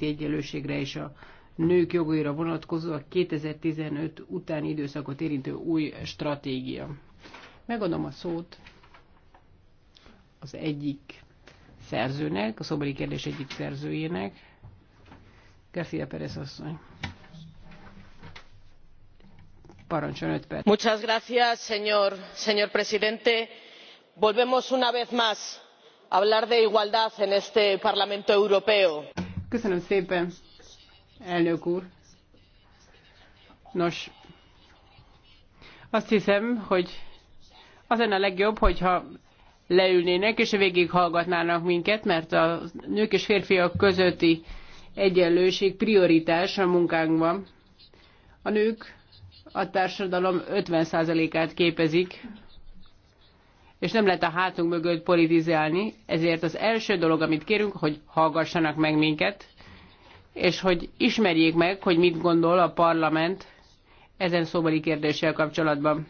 nemzeti egyenlőségre és a nők jogaira vonatkozó a 2015 utáni időszakot érintő új stratégia. Megadom a szót az egyik szerzőnek, a szobori kérdés egyik szerzőjének, García Pérez asszony. Parancsoljon 5 perc. Muchas gracias, señor, señor presidente. Volvemos una vez más a hablar de igualdad en este Parlamento Europeo. Köszönöm szépen, elnök úr. Nos, azt hiszem, hogy az lenne a legjobb, hogyha leülnének és végighallgatnának minket, mert a nők és férfiak közötti egyenlőség prioritás a munkánkban. A nők a társadalom 50%-át képezik, és nem lehet a hátunk mögött politizálni, ezért az első dolog, amit kérünk, hogy hallgassanak meg minket, és hogy ismerjék meg, hogy mit gondol a parlament ezen szóbeli kérdéssel kapcsolatban.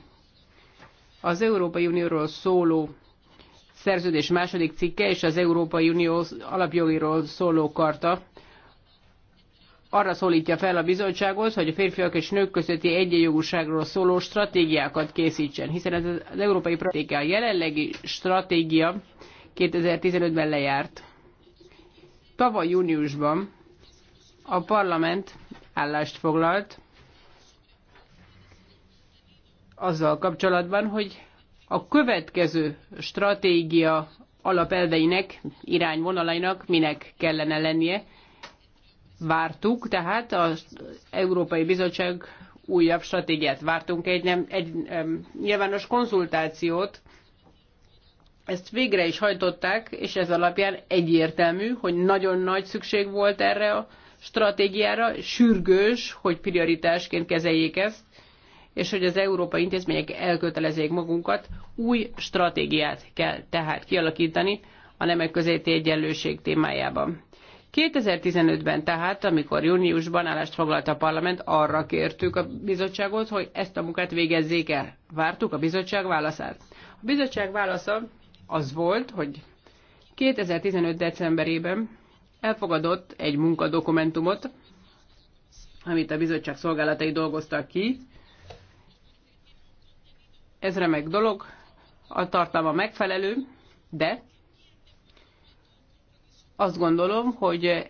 Az Európai Unióról szóló szerződés második cikke és az Európai Unió alapjogiról szóló karta arra szólítja fel a bizottsághoz, hogy a férfiak és nők közötti egyenjogúságról szóló stratégiákat készítsen, hiszen ez az európai stratégia, a jelenlegi stratégia 2015-ben lejárt. Tavaly júniusban a parlament állást foglalt azzal kapcsolatban, hogy a következő stratégia alapelveinek, irányvonalainak minek kellene lennie, Vártuk, tehát az Európai Bizottság újabb stratégiát vártunk, egy, nem, egy um, nyilvános konzultációt, ezt végre is hajtották, és ez alapján egyértelmű, hogy nagyon nagy szükség volt erre a stratégiára, sürgős, hogy prioritásként kezeljék ezt, és hogy az európai intézmények elkötelezzék magunkat, új stratégiát kell tehát kialakítani a nemek közötti egyenlőség témájában. 2015-ben tehát, amikor júniusban állást foglalt a parlament, arra kértük a bizottságot, hogy ezt a munkát végezzék el. Vártuk a bizottság válaszát. A bizottság válasza az volt, hogy 2015. decemberében elfogadott egy munkadokumentumot, amit a bizottság szolgálatai dolgoztak ki. Ez remek dolog, a tartalma megfelelő, de azt gondolom, hogy eh,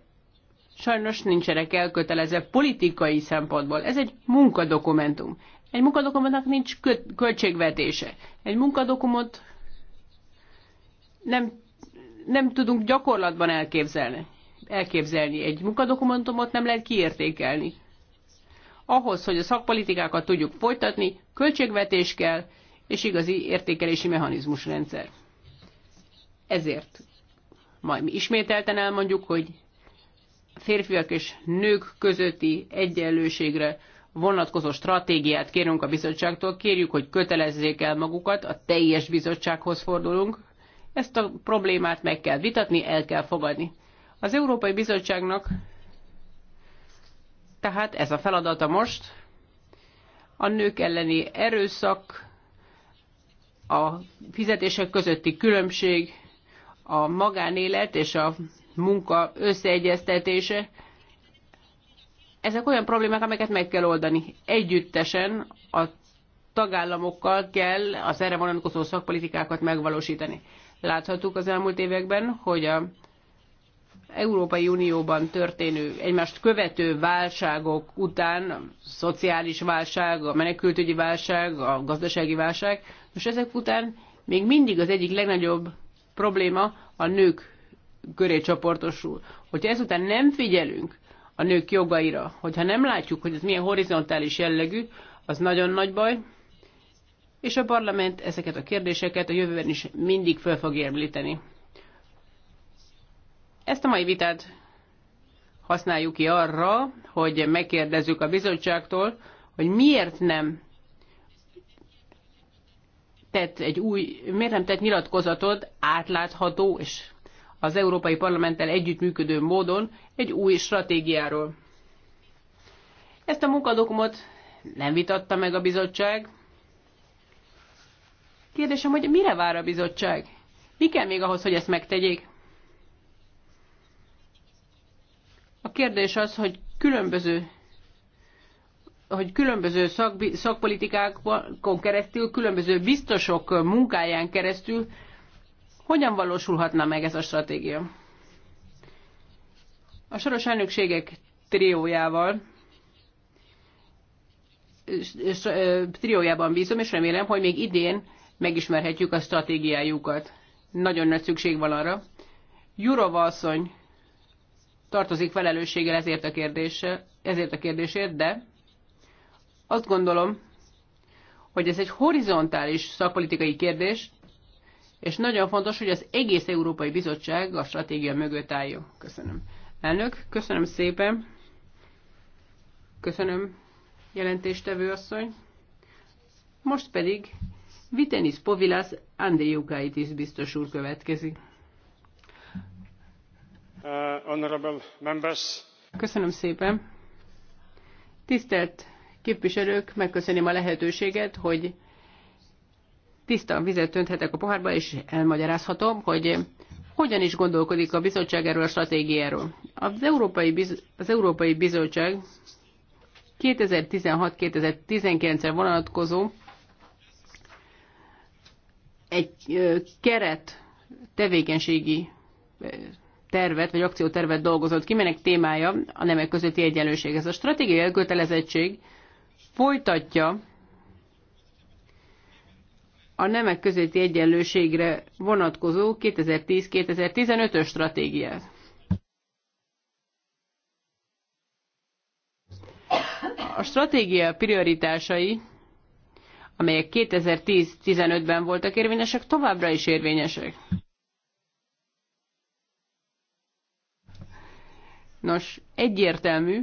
sajnos nincsenek elkötelezve politikai szempontból. Ez egy munkadokumentum. Egy munkadokumentnak nincs költségvetése. Egy munkadokumot nem, nem tudunk gyakorlatban elképzelni. elképzelni. Egy munkadokumentumot nem lehet kiértékelni. Ahhoz, hogy a szakpolitikákat tudjuk folytatni, költségvetés kell, és igazi értékelési mechanizmusrendszer. Ezért majd mi ismételten elmondjuk, hogy férfiak és nők közötti egyenlőségre vonatkozó stratégiát kérünk a bizottságtól, kérjük, hogy kötelezzék el magukat, a teljes bizottsághoz fordulunk. Ezt a problémát meg kell vitatni, el kell fogadni. Az Európai Bizottságnak tehát ez a feladata most, a nők elleni erőszak, a fizetések közötti különbség, a magánélet és a munka összeegyeztetése, ezek olyan problémák, amelyeket meg kell oldani. Együttesen a tagállamokkal kell az erre vonatkozó szakpolitikákat megvalósítani. Láthattuk az elmúlt években, hogy a Európai Unióban történő egymást követő válságok után, a szociális válság, a menekültügyi válság, a gazdasági válság, most ezek után még mindig az egyik legnagyobb probléma a nők köré csoportosul. Hogyha ezután nem figyelünk a nők jogaira, hogyha nem látjuk, hogy ez milyen horizontális jellegű, az nagyon nagy baj, és a parlament ezeket a kérdéseket a jövőben is mindig föl fog említeni. Ezt a mai vitát használjuk ki arra, hogy megkérdezzük a bizottságtól, hogy miért nem tett egy új, miért nem tett nyilatkozatot átlátható és az Európai Parlamenttel együttműködő módon egy új stratégiáról. Ezt a munkadokumot nem vitatta meg a bizottság. Kérdésem, hogy mire vár a bizottság? Mi kell még ahhoz, hogy ezt megtegyék? A kérdés az, hogy különböző hogy különböző szakbi, szakpolitikákon keresztül, különböző biztosok munkáján keresztül hogyan valósulhatna meg ez a stratégia? A soros elnökségek triójával triójában bízom, és remélem, hogy még idén megismerhetjük a stratégiájukat. Nagyon nagy szükség van arra. Jurova asszony tartozik felelősséggel ezért a, kérdése, ezért a kérdésért, de azt gondolom, hogy ez egy horizontális szakpolitikai kérdés, és nagyon fontos, hogy az egész Európai Bizottság a stratégia mögött álljon. Köszönöm. Elnök, köszönöm szépen. Köszönöm, jelentéstevő asszony. Most pedig Vitenis Povilas Jukaitis biztos úr következik. Uh, honorable members. Köszönöm szépen. Tisztelt képviselők, megköszönöm a lehetőséget, hogy tiszta vizet önthetek a pohárba, és elmagyarázhatom, hogy hogyan is gondolkodik a bizottság erről a stratégiáról. Az Európai, Biz- az Európai Bizottság 2016-2019-re vonatkozó egy keret tevékenységi tervet, vagy akciótervet dolgozott ki, melynek témája a nemek közötti egyenlőség. Ez a stratégiai elkötelezettség folytatja a nemek közötti egyenlőségre vonatkozó 2010-2015-ös stratégiát. A stratégia prioritásai, amelyek 2010-15-ben voltak érvényesek, továbbra is érvényesek. Nos, egyértelmű,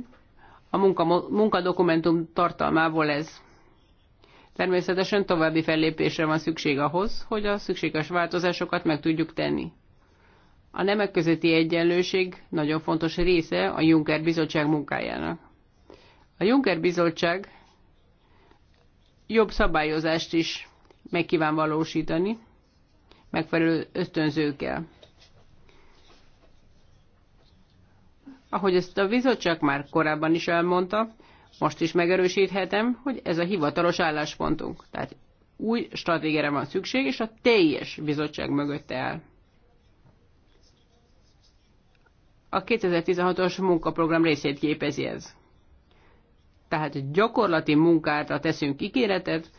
a munka, munkadokumentum tartalmából ez. Természetesen további fellépésre van szükség ahhoz, hogy a szükséges változásokat meg tudjuk tenni. A nemek közötti egyenlőség nagyon fontos része a Juncker Bizottság munkájának. A Juncker Bizottság jobb szabályozást is megkíván valósítani, megfelelő ösztönzőkkel. Ahogy ezt a bizottság már korábban is elmondta, most is megerősíthetem, hogy ez a hivatalos álláspontunk. Tehát új stratégiára van szükség, és a teljes bizottság mögötte áll. A 2016-os munkaprogram részét képezi ez. Tehát gyakorlati munkára teszünk ígéretet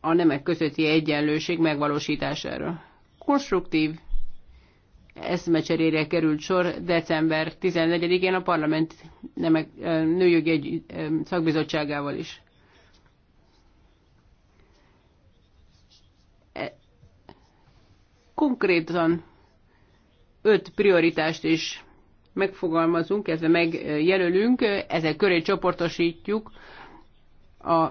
a nemek közötti egyenlőség megvalósítására. Konstruktív eszmecserére került sor december 14-én a parlament nemek, nőjogi egy szakbizottságával is. E, konkrétan öt prioritást is megfogalmazunk, ezzel megjelölünk, ezek köré csoportosítjuk a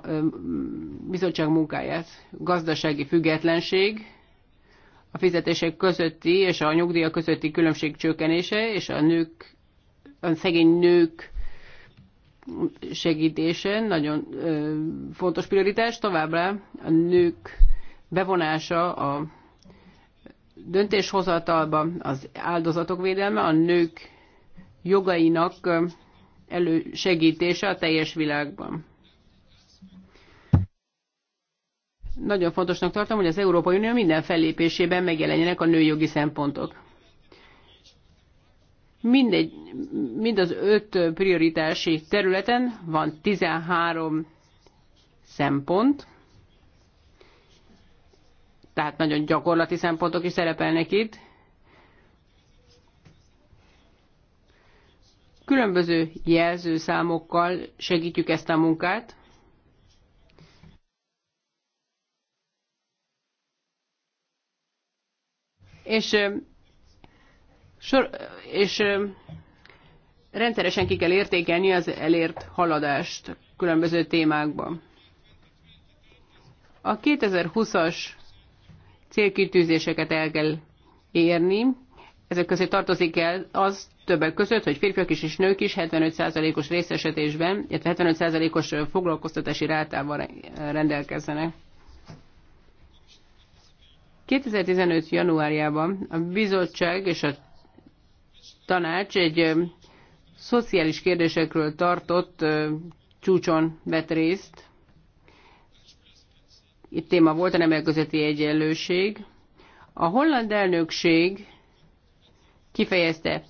bizottság munkáját. Gazdasági függetlenség, a fizetések közötti és a nyugdíja közötti különbség csökkenése, és a nők, a szegény nők segítése nagyon ö, fontos prioritás. Továbbá a nők bevonása a döntéshozatalba, az áldozatok védelme, a nők jogainak elősegítése a teljes világban. Nagyon fontosnak tartom, hogy az Európai Unió minden fellépésében megjelenjenek a nőjogi szempontok. Mindegy, mind az öt prioritási területen van 13 szempont, tehát nagyon gyakorlati szempontok is szerepelnek itt. Különböző jelzőszámokkal segítjük ezt a munkát. és, sor, és rendszeresen ki kell értékelni az elért haladást különböző témákban. A 2020-as célkitűzéseket el kell érni. Ezek közé tartozik el az többek között, hogy férfiak is és nők is 75%-os részesedésben, illetve 75%-os foglalkoztatási rátával rendelkezzenek. 2015. januárjában a bizottság és a tanács egy szociális kérdésekről tartott csúcson vett részt. Itt téma volt a nemek közötti egyenlőség. A holland elnökség kifejezte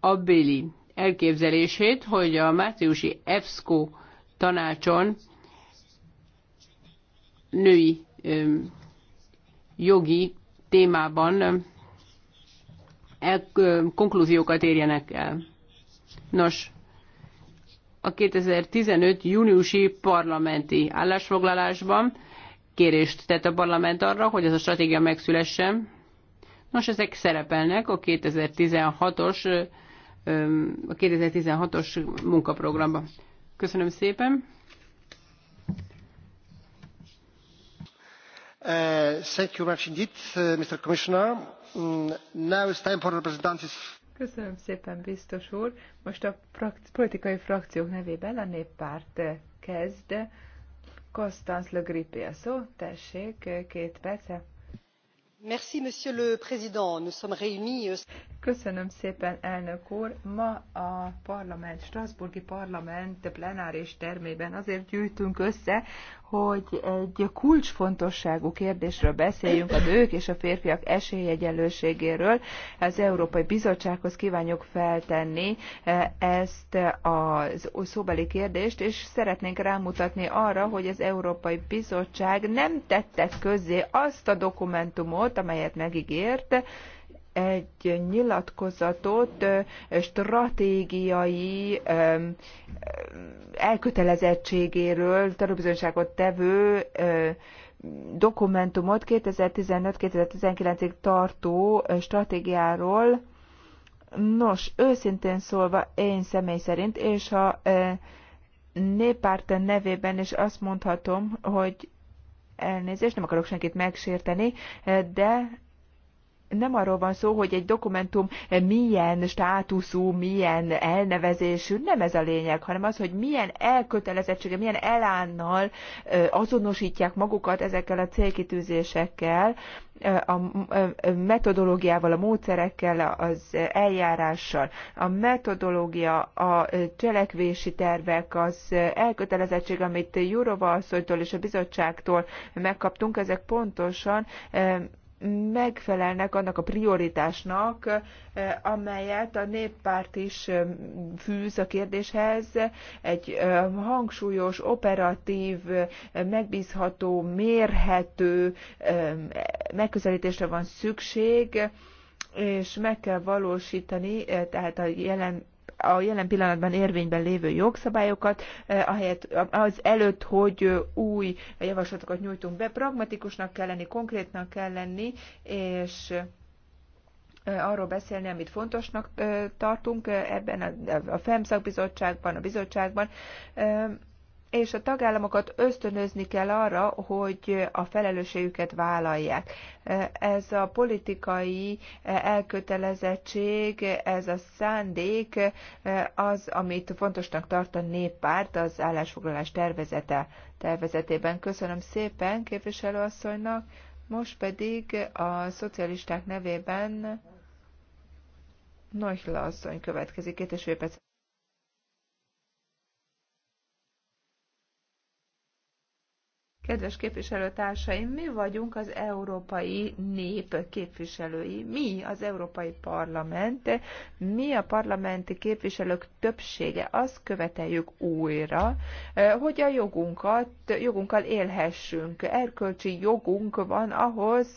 abbéli elképzelését, hogy a márciusi EFSCO tanácson női jogi témában konklúziókat érjenek el. Nos, a 2015. júniusi parlamenti állásfoglalásban kérést tett a parlament arra, hogy ez a stratégia megszülessen. Nos, ezek szerepelnek a 2016-os a 2016-os munkaprogramban. Köszönöm szépen! Köszönöm szépen, biztos úr. Most a politikai frakciók nevében a néppárt uh, kezd. Constance Le Grippi a szó. Tessék, uh, két perce. Euh, Köszönöm szépen, elnök úr. Ma a parlament, strasbourgi parlament plenáris termében azért gyűjtünk össze, hogy egy kulcsfontosságú kérdésről beszéljünk, a nők és a férfiak esélyegyenlőségéről. Az Európai Bizottsághoz kívánjuk feltenni eh, ezt a szóbeli kérdést, és szeretnénk rámutatni arra, hogy az Európai Bizottság nem tette közzé azt a dokumentumot, amelyet megígért, egy nyilatkozatot stratégiai elkötelezettségéről tanúbizonyságot tevő dokumentumot 2015-2019-ig tartó stratégiáról. Nos, őszintén szólva, én személy szerint, és a néppárten nevében is azt mondhatom, hogy elnézést, nem akarok senkit megsérteni, de nem arról van szó, hogy egy dokumentum milyen státuszú, milyen elnevezésű, nem ez a lényeg, hanem az, hogy milyen elkötelezettsége, milyen elánnal azonosítják magukat ezekkel a célkitűzésekkel, a metodológiával, a módszerekkel, az eljárással. A metodológia, a cselekvési tervek, az elkötelezettség, amit Jurova asszonytól és a bizottságtól megkaptunk, ezek pontosan megfelelnek annak a prioritásnak, eh, amelyet a néppárt is eh, fűz a kérdéshez. Egy eh, hangsúlyos, operatív, megbízható, mérhető megközelítésre van szükség, és meg kell valósítani, tehát a jelen a jelen pillanatban érvényben lévő jogszabályokat, eh, ahelyett az előtt, hogy eh, új javaslatokat nyújtunk be. Pragmatikusnak kell lenni, konkrétnak kell lenni, és eh, arról beszélni, amit fontosnak tartunk ebben a, FEM szakbizottságban, a bizottságban és a tagállamokat ösztönözni kell arra, hogy a felelősségüket vállalják. Ez a politikai elkötelezettség, ez a szándék az, amit fontosnak tart a néppárt az állásfoglalás tervezete, tervezetében. Köszönöm szépen képviselőasszonynak, most pedig a szocialisták nevében nagy asszony következik, két és fél perc. Kedves képviselőtársaim, mi vagyunk az európai nép képviselői, mi az Európai Parlament, mi a parlamenti képviselők többsége, azt követeljük újra, eh, hogy a jogunkat, jogunkkal élhessünk. Erkölcsi jogunk van ahhoz,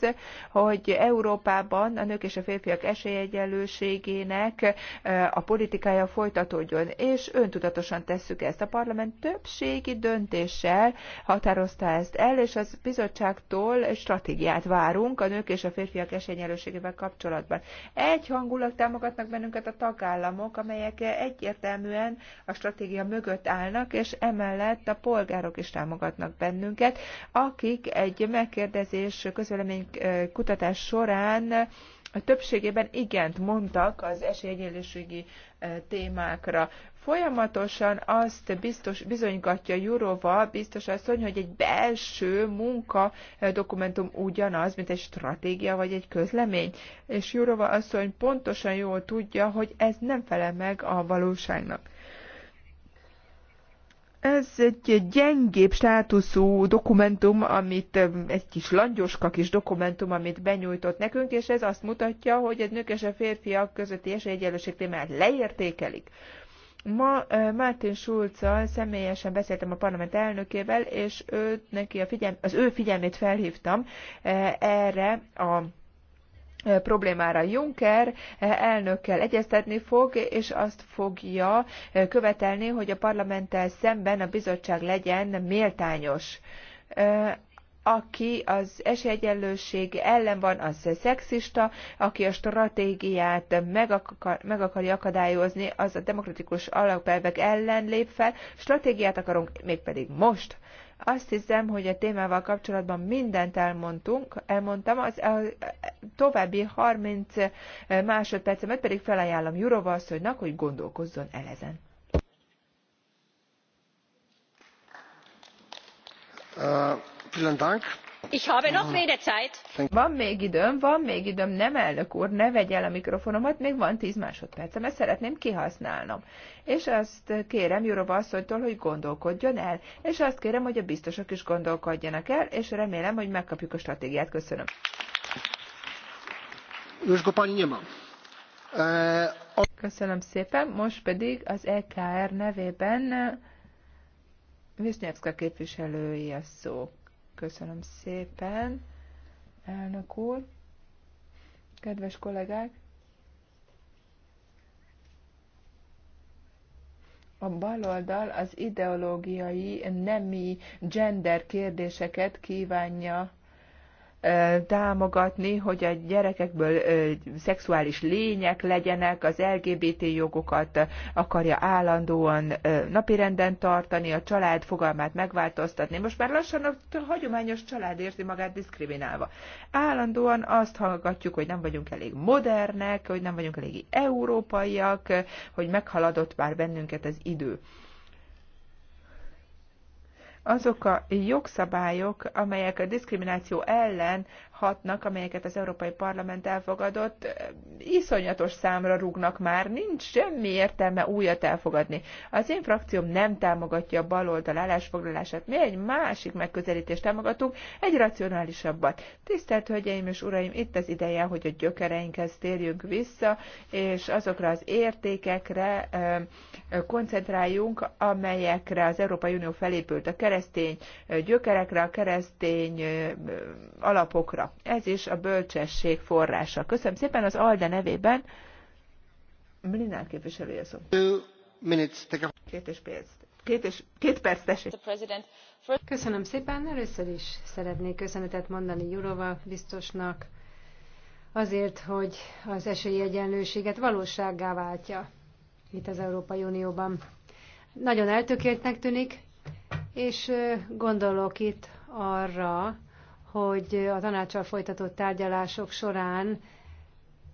hogy Európában a nők és a férfiak esélyegyenlőségének eh, a politikája folytatódjon, és öntudatosan tesszük ezt. A parlament többségi döntéssel határozta ezt el, és az bizottságtól egy stratégiát várunk a nők és a férfiak esélyenlőségével kapcsolatban. Egy hangulat támogatnak bennünket a tagállamok, amelyek egyértelműen a stratégia mögött állnak, és emellett a polgárok is támogatnak bennünket, akik egy megkérdezés közvélemény kutatás során a többségében igent mondtak az esélyegyenlőségi témákra. Folyamatosan azt biztos, bizonygatja Jurova, biztos asszony, hogy egy belső munka eh, dokumentum ugyanaz, mint egy stratégia vagy egy közlemény. És Jurova asszony pontosan jól tudja, hogy ez nem felel meg a valóságnak ez egy gyengébb státuszú dokumentum, amit eh, egy kis langyoska kis dokumentum, amit benyújtott nekünk, és ez azt mutatja, hogy egy nőkese és férfiak közötti esélyegyenlőség témáját leértékelik. Ma Martin schulz személyesen beszéltem a parlament elnökével, és őt, neki a figyelm, az ő figyelmét felhívtam erre a problémára Juncker elnökkel egyeztetni fog, és azt fogja követelni, hogy a parlamenttel szemben a bizottság legyen méltányos aki az esélyegyenlőség ellen van, az szexista, aki a stratégiát meg, akar, meg akarja akadályozni, az a demokratikus alapelvek ellen lép fel. Stratégiát akarunk mégpedig most. Azt hiszem, hogy a témával kapcsolatban mindent elmondtunk, elmondtam, az a további 30 eh, másodpercemet pedig felajánlom Jurova asszonynak, hogy gondolkozzon el ezen. Uh... Ich habe noch Redezeit. Van még időm, van még időm, nem elnök úr, ne vegye el a mikrofonomat, még van tíz másodpercem, ezt szeretném kihasználnom. És azt kérem Jurova asszonytól, hogy gondolkodjon el, és azt kérem, hogy a biztosok is gondolkodjanak el, és remélem, hogy megkapjuk a stratégiát. Köszönöm. E, Köszönöm szépen, most pedig az EKR nevében Visznyevszka képviselői a szó. Köszönöm szépen, elnök úr. Kedves kollégák, a baloldal az ideológiai, nemi, gender kérdéseket kívánja támogatni, hogy a gyerekekből szexuális lények legyenek, az LGBT jogokat akarja állandóan napirenden tartani, a család fogalmát megváltoztatni. Most már lassan a hagyományos család érzi magát diszkriminálva. Állandóan azt hallgatjuk, hogy nem vagyunk elég modernek, hogy nem vagyunk elég európaiak, hogy meghaladott már bennünket az idő azok a jogszabályok, amelyek a diszkrimináció ellen hatnak, amelyeket az Európai Parlament elfogadott, iszonyatos számra rúgnak már, nincs semmi értelme újat elfogadni. Az én frakcióm nem támogatja a baloldal állásfoglalását, mi egy másik megközelítést támogatunk, egy racionálisabbat. Tisztelt Hölgyeim és Uraim, itt az ideje, hogy a gyökereinkhez térjünk vissza, és azokra az értékekre koncentráljunk, amelyekre az Európai Unió felépült, a keresztény gyökerekre, a keresztény alapokra. Ez is a bölcsesség forrása. Köszönöm szépen az ALDE nevében. Mlinár képviselője szó. Két és perc. Két, és, két perc, tessék. Köszönöm szépen. Először is szeretnék köszönetet mondani Jurova biztosnak azért, hogy az egyenlőséget valósággá váltja itt az Európai Unióban. Nagyon eltökéltnek tűnik, és gondolok itt arra, hogy a tanácssal folytatott tárgyalások során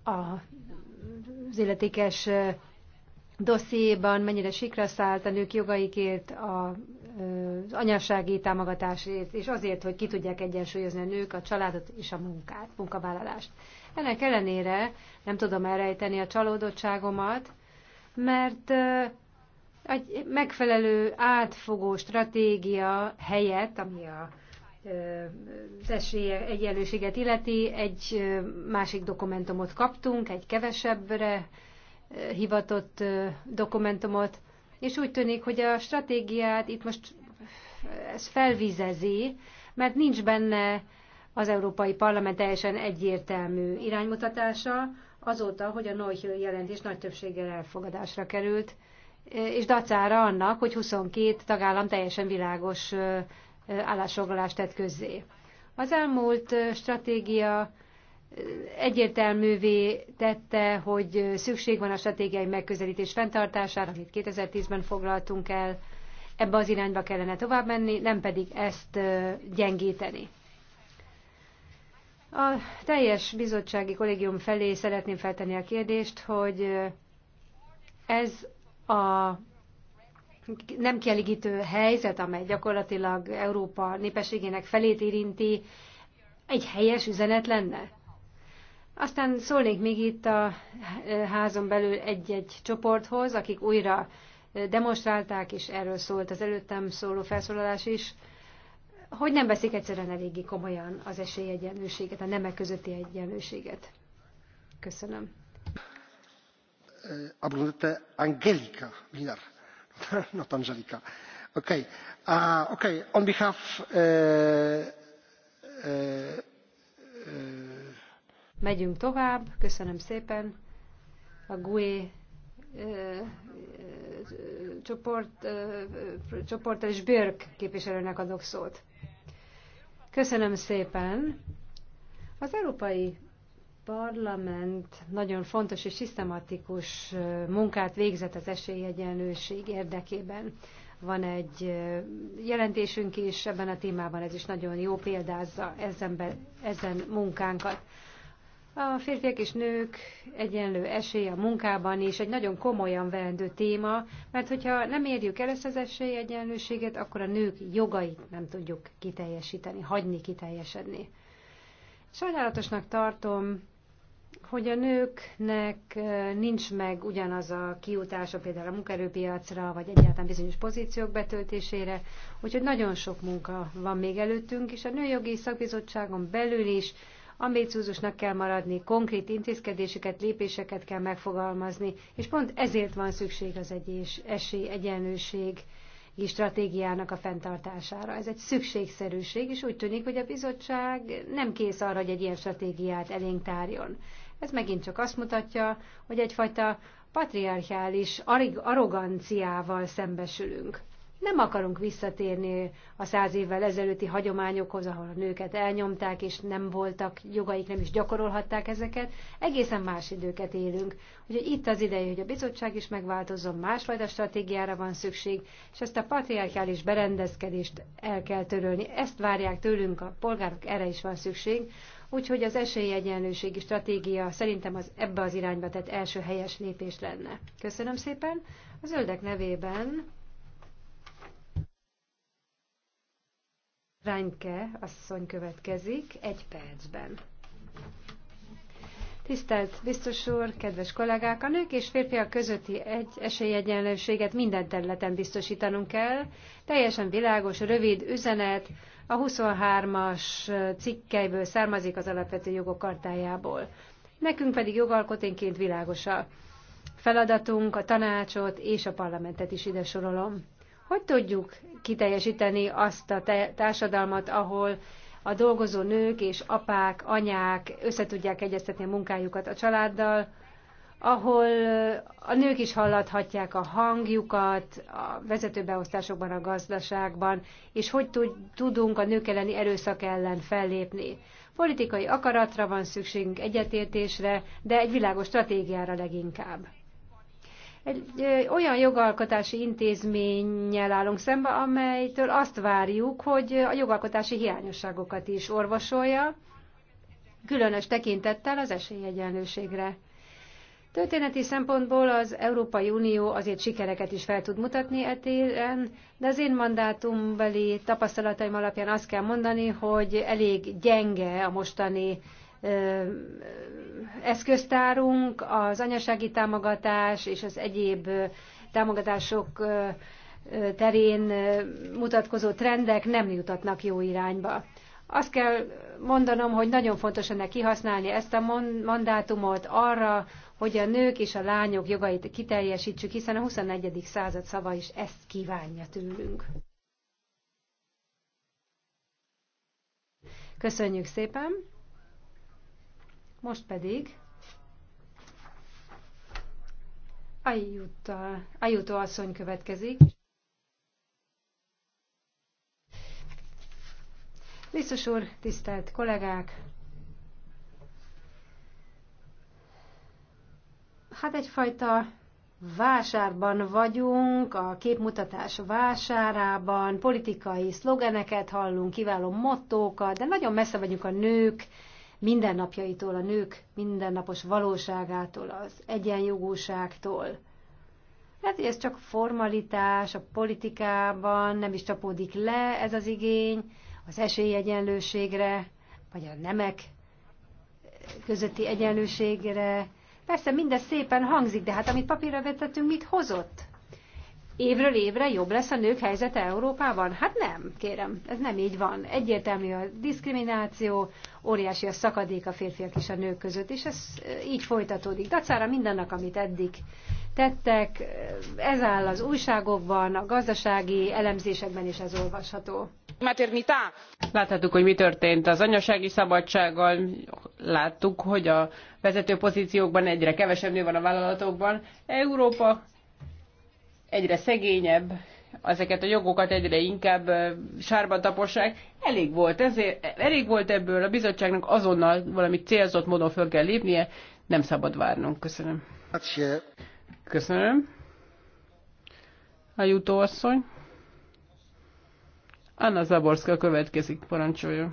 az illetékes dossziéban mennyire sikra szállt a nők jogaikért, a, az anyasági támogatásért, és azért, hogy ki tudják egyensúlyozni a nők a családot és a munkát, munkavállalást. Ennek ellenére nem tudom elrejteni a csalódottságomat, mert egy megfelelő átfogó stratégia helyett, ami a az esélye, egyenlőséget illeti, egy másik dokumentumot kaptunk, egy kevesebbre hivatott dokumentumot, és úgy tűnik, hogy a stratégiát itt most ez felvizezi, mert nincs benne az Európai Parlament teljesen egyértelmű iránymutatása azóta, hogy a Neuchel jelentés nagy többséggel elfogadásra került, és dacára annak, hogy 22 tagállam teljesen világos állásfoglalást tett közzé. Az elmúlt stratégia egyértelművé tette, hogy szükség van a stratégiai megközelítés fenntartására, amit 2010-ben foglaltunk el, ebbe az irányba kellene tovább menni, nem pedig ezt gyengíteni. A teljes bizottsági kollégium felé szeretném feltenni a kérdést, hogy ez a nem kielégítő helyzet, amely gyakorlatilag Európa népességének felét érinti, egy helyes üzenet lenne? Aztán szólnék még itt a házon belül egy-egy csoporthoz, akik újra demonstrálták, és erről szólt az előttem szóló felszólalás is, hogy nem veszik egyszerűen eléggé komolyan az esélyegyenlőséget, a nemek közötti egyenlőséget. Köszönöm. Eh, Abronette Angelika Minar. not Angelica. Okay. Uh, okay. On behalf uh, uh, uh, Megyünk tovább. Köszönöm szépen. A GUE e, csoport, e, csoporttal és Björk képviselőnek adok szót. Köszönöm szépen. Az Európai Parlament nagyon fontos és szisztematikus munkát végzett az esélyegyenlőség érdekében. Van egy jelentésünk is ebben a témában, ez is nagyon jó példázza ezen, be, ezen munkánkat. A férfiak és nők egyenlő esély a munkában is egy nagyon komolyan vendő téma, mert hogyha nem érjük el ezt az esélyegyenlőséget, akkor a nők jogait nem tudjuk kiteljesíteni, hagyni kiteljesedni. Sajnálatosnak tartom hogy a nőknek nincs meg ugyanaz a kiutása például a munkaerőpiacra, vagy egyáltalán bizonyos pozíciók betöltésére, úgyhogy nagyon sok munka van még előttünk, és a Nőjogi Szakbizottságon belül is ambíciózusnak kell maradni, konkrét intézkedéseket, lépéseket kell megfogalmazni, és pont ezért van szükség az egyes esély, egyenlőség stratégiának a fenntartására. Ez egy szükségszerűség, és úgy tűnik, hogy a bizottság nem kész arra, hogy egy ilyen stratégiát elénk tárjon. Ez megint csak azt mutatja, hogy egyfajta patriarchális arroganciával szembesülünk. Nem akarunk visszatérni a száz évvel ezelőtti hagyományokhoz, ahol a nőket elnyomták, és nem voltak jogaik, nem is gyakorolhatták ezeket. Egészen más időket élünk. Úgyhogy itt az ideje, hogy a bizottság is megváltozzon, másfajta stratégiára van szükség, és ezt a patriarchális berendezkedést el kell törölni. Ezt várják tőlünk a polgárok, erre is van szükség. Úgyhogy az esélyegyenlőségi stratégia szerintem az ebbe az irányba tett első helyes lépés lenne. Köszönöm szépen. A zöldek nevében Rányke asszony következik egy percben. Tisztelt biztos úr, kedves kollégák, a nők és férfiak közötti egy esélyegyenlőséget minden területen biztosítanunk kell. Teljesen világos, rövid üzenet, a 23-as cikkeiből származik az alapvető jogok kartájából. Nekünk pedig jogalkoténként világos a feladatunk, a tanácsot és a parlamentet is ide sorolom. Hogy tudjuk kiteljesíteni azt a társadalmat, ahol a dolgozó nők és apák, anyák összetudják egyeztetni a munkájukat a családdal, ahol a nők is hallathatják a hangjukat a vezetőbeosztásokban, a gazdaságban, és hogy tudunk a nők elleni erőszak ellen fellépni. Politikai akaratra van szükségünk egyetértésre, de egy világos stratégiára leginkább egy olyan jogalkotási intézménnyel állunk szembe, amelytől azt várjuk, hogy a jogalkotási hiányosságokat is orvosolja, különös tekintettel az esélyegyenlőségre. Történeti szempontból az Európai Unió azért sikereket is fel tud mutatni etéren, de az én mandátumbeli tapasztalataim alapján azt kell mondani, hogy elég gyenge a mostani eszköztárunk, az anyasági támogatás és az egyéb támogatások terén mutatkozó trendek nem jutatnak jó irányba. Azt kell mondanom, hogy nagyon fontos ennek kihasználni ezt a mandátumot arra, hogy a nők és a lányok jogait kiteljesítsük, hiszen a 21. század szava is ezt kívánja tőlünk. Köszönjük szépen! Most pedig Ajutó asszony következik. Biztos úr, tisztelt kollégák! Hát egyfajta vásárban vagyunk, a képmutatás vásárában, politikai szlogeneket hallunk, kiváló mottókat, de nagyon messze vagyunk a nők, mindennapjaitól, a nők mindennapos valóságától, az egyenjogúságtól. Hát ez csak formalitás, a politikában nem is csapódik le ez az igény, az esélyegyenlőségre, vagy a nemek közötti egyenlőségre. Persze mindez szépen hangzik, de hát amit papírra vetettünk, mit hozott? évről évre jobb lesz a nők helyzete Európában? Hát nem, kérem, ez nem így van. Egyértelmű a diszkrimináció, óriási a szakadék a férfiak és a nők között, és ez így folytatódik. Dacára mindennek, amit eddig tettek, ez áll az újságokban, a gazdasági elemzésekben is ez olvasható. Maternitá. Láthattuk, hogy mi történt az anyasági szabadsággal, láttuk, hogy a vezető pozíciókban egyre kevesebb nő van a vállalatokban. Európa egyre szegényebb, ezeket a jogokat egyre inkább sárba tapossák. Elég volt, ezért, elég volt ebből a bizottságnak azonnal valami célzott módon föl kell lépnie, nem szabad várnunk. Köszönöm. Köszönöm. A jutóasszony. Anna Zaborska következik, parancsoljon.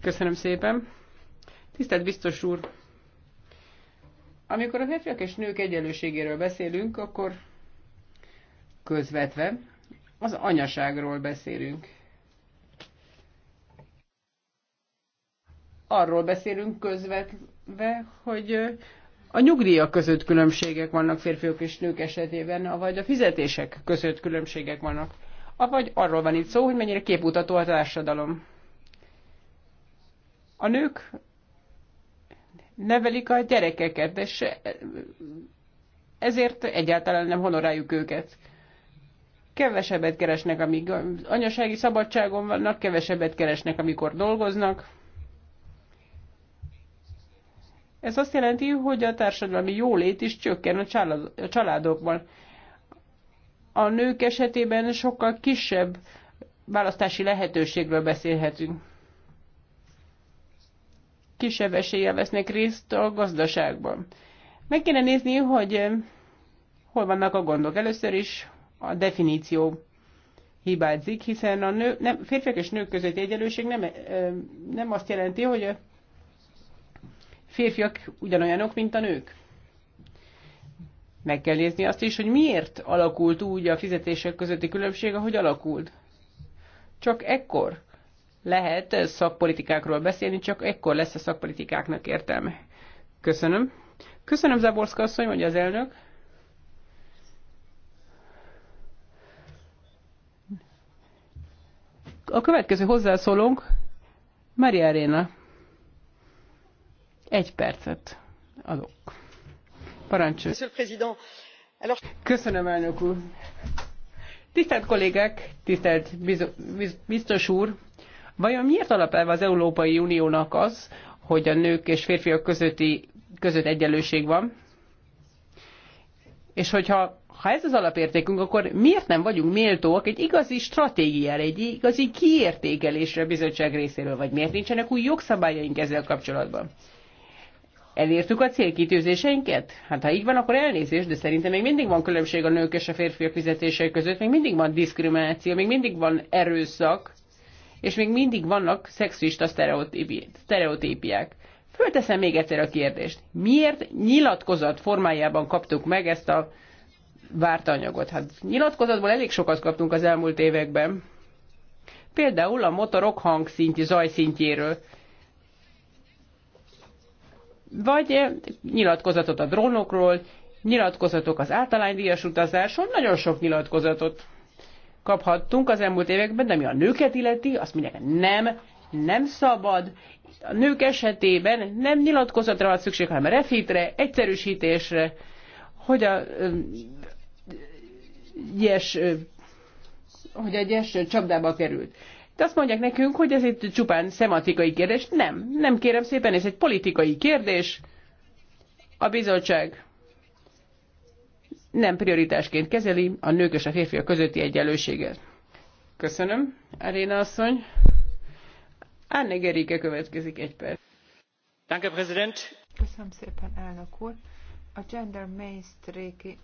Köszönöm szépen. Tisztelt biztos úr! Amikor a férfiak és nők egyenlőségéről beszélünk, akkor közvetve az anyaságról beszélünk. Arról beszélünk közvetve, hogy a nyugdíjak között különbségek vannak férfiak és nők esetében, vagy a fizetések között különbségek vannak. Vagy arról van itt szó, hogy mennyire képutató a társadalom. A nők nevelik a gyerekeket, és e, ezért egyáltalán nem honoráljuk őket. Kevesebbet keresnek, amíg anyasági szabadságon vannak, kevesebbet keresnek, amikor dolgoznak. Ez azt jelenti, hogy a társadalmi jólét is csökken a családokban. A nők esetében sokkal kisebb választási lehetőségről beszélhetünk kisebb eséllyel vesznek részt a gazdaságban. Meg kéne nézni, hogy eh, hol vannak a gondok. Először is a definíció hibázik, hiszen a nő, nem, férfiak és nők közötti egyenlőség nem, eh, nem azt jelenti, hogy a férfiak ugyanolyanok, mint a nők. Meg kell nézni azt is, hogy miért alakult úgy a fizetések közötti különbség, ahogy alakult. Csak ekkor lehet szakpolitikákról beszélni, csak ekkor lesz a szakpolitikáknak értelme. Köszönöm. Köszönöm, Zaborszka asszony, mondja az elnök. A következő hozzászólónk Maria Arena. Egy percet adok. Parancsolj. Köszönöm, elnök úr. Tisztelt kollégák, tisztelt biztos úr, Vajon miért alapelve az Európai Uniónak az, hogy a nők és férfiak közötti, között egyenlőség van? És hogyha ha ez az alapértékünk, akkor miért nem vagyunk méltóak egy igazi stratégiára, egy igazi kiértékelésre a bizottság részéről, vagy miért nincsenek új jogszabályaink ezzel kapcsolatban? Elértük a célkitűzéseinket? Hát ha így van, akkor elnézést, de szerintem még mindig van különbség a nők és a férfiak fizetései között, még mindig van diszkrimináció, még mindig van erőszak, és még mindig vannak szexista sztereotípiák. Fölteszem még egyszer a kérdést. Miért nyilatkozat formájában kaptuk meg ezt a várt anyagot? Hát nyilatkozatból elég sokat kaptunk az elmúlt években. Például a motorok hangszintje, zajszintjéről. Vagy eh, nyilatkozatot a drónokról, nyilatkozatok az általánydíjas utazáson, nagyon sok nyilatkozatot kaphattunk az elmúlt években, de ami a nőket illeti, azt mondják, nem, nem szabad. A nők esetében nem nyilatkozatra van szükség, hanem refitre, egyszerűsítésre, hogy a gyes, hogy gyes csapdába került. De azt mondják nekünk, hogy ez itt csupán szematikai kérdés. Nem, nem kérem szépen, ez egy politikai kérdés. A bizottság nem prioritásként kezeli a nők és a férfiak közötti egyenlőséget. Köszönöm, Aréna asszony. Anne Gerike következik egy perc. Danke, Präsident. Köszönöm szépen, elnök úr. A gender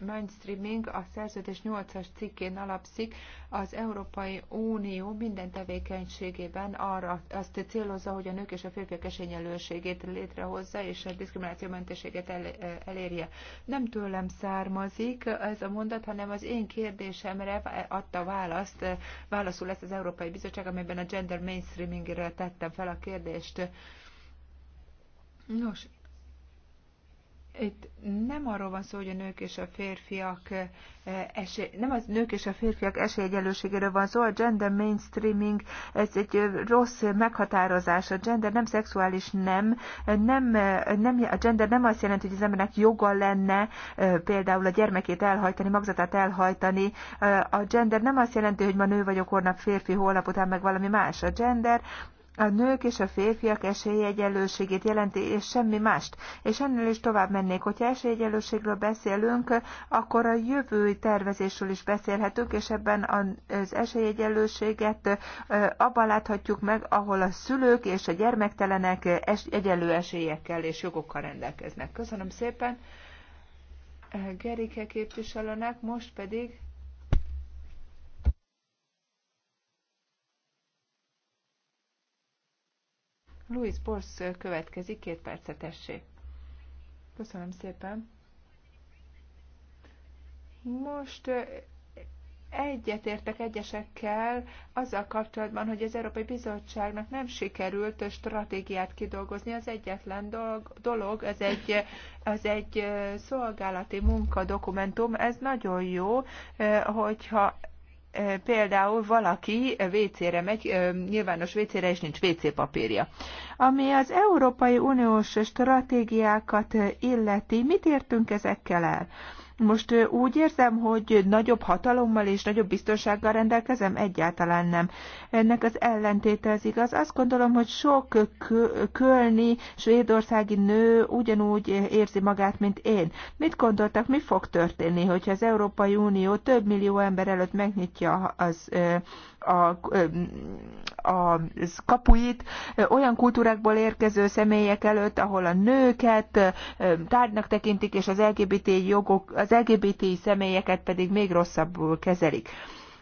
mainstreaming a szerződés 8-as cikkén alapszik, az Európai Unió minden tevékenységében arra azt célozza, hogy a nők és a férfiak esényelőségét létrehozza, és a diszkriminációmentességet el, elérje. Nem tőlem származik ez a mondat, hanem az én kérdésemre adta választ, válaszul lesz az Európai Bizottság, amelyben a gender mainstreamingre tettem fel a kérdést. Nos, itt nem arról van szó, hogy a nők és a férfiak eh, esély, nem az nők és a férfiak esélyegyenlőségéről van szó, a gender mainstreaming, ez egy eh, rossz meghatározás, a gender nem szexuális nem, eh, nem, nem a gender nem azt jelenti, hogy az embernek joga lenne például a gyermekét elhajtani, magzatát elhajtani, a gender nem azt jelenti, hogy ma nő vagyok, holnap férfi, holnap után meg valami más, a gender a nők és a férfiak esélyegyenlőségét jelenti, és semmi mást. És ennél is tovább mennék, hogyha esélyegyenlőségről beszélünk, akkor a jövő tervezésről is beszélhetünk, és ebben az esélyegyenlőséget abban láthatjuk meg, ahol a szülők és a gyermektelenek es- egyenlő esélyekkel és jogokkal rendelkeznek. Köszönöm szépen. Gerike képviselőnek, most pedig Louis Borsz következik, két percet tessék. Köszönöm szépen. Most egyetértek egyesekkel azzal kapcsolatban, hogy az Európai Bizottságnak nem sikerült stratégiát kidolgozni. Az egyetlen dolog, az ez egy, az egy szolgálati munkadokumentum. Ez nagyon jó, hogyha például valaki WC-re megy, nyilvános WC-re, és nincs WC papírja. Ami az Európai Uniós stratégiákat illeti, mit értünk ezekkel el? Most úgy érzem, hogy nagyobb hatalommal és nagyobb biztonsággal rendelkezem? Egyáltalán nem. Ennek az ellentéte az igaz. Azt gondolom, hogy sok kölni, svédországi nő ugyanúgy érzi magát, mint én. Mit gondoltak, mi fog történni, hogyha az Európai Unió több millió ember előtt megnyitja az a, a kapuit olyan kultúrákból érkező személyek előtt, ahol a nőket tárgynak tekintik, és az LGBT jogok, az LGBT személyeket pedig még rosszabbul kezelik.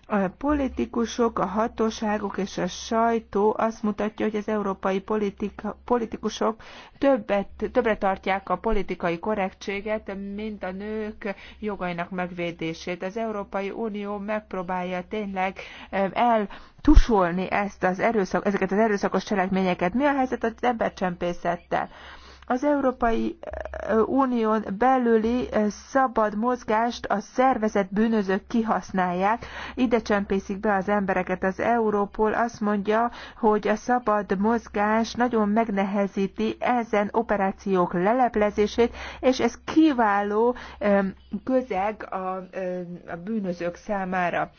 A politikusok, a hatóságok és a sajtó azt mutatja, hogy az európai politika, politikusok többet, többre tartják a politikai korrektséget, mint a nők jogainak megvédését. Az Európai Unió megpróbálja tényleg el tusolni ezt az erőszak, ezeket az erőszakos cselekményeket. Mi a helyzet az embercsempészettel? az Európai Unión belüli szabad mozgást a szervezett bűnözők kihasználják. Ide csempészik be az embereket. Az Európol azt mondja, hogy a szabad mozgás nagyon megnehezíti ezen operációk leleplezését, és ez kiváló közeg a, a bűnözők számára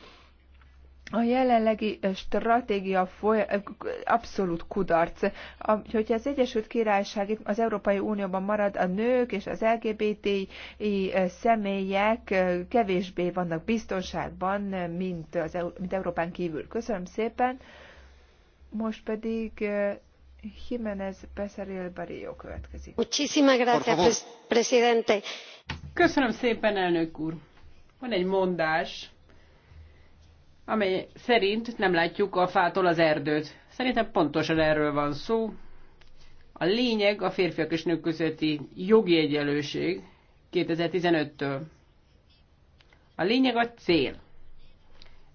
a jelenlegi eh, stratégia foly, eh, abszolút kudarc. A, hogyha az Egyesült Királyság az Európai Unióban marad, a nők és az LGBTI eh, személyek kevésbé vannak biztonságban, mint, az, mint Európán kívül. Köszönöm szépen. Most pedig Jiménez Becerril Barrio következik. Köszönöm szépen, elnök úr. Van egy mondás, amely szerint nem látjuk a fától az erdőt. Szerintem pontosan erről van szó. A lényeg a férfiak és nők közötti jogi egyenlőség 2015-től. A lényeg a cél.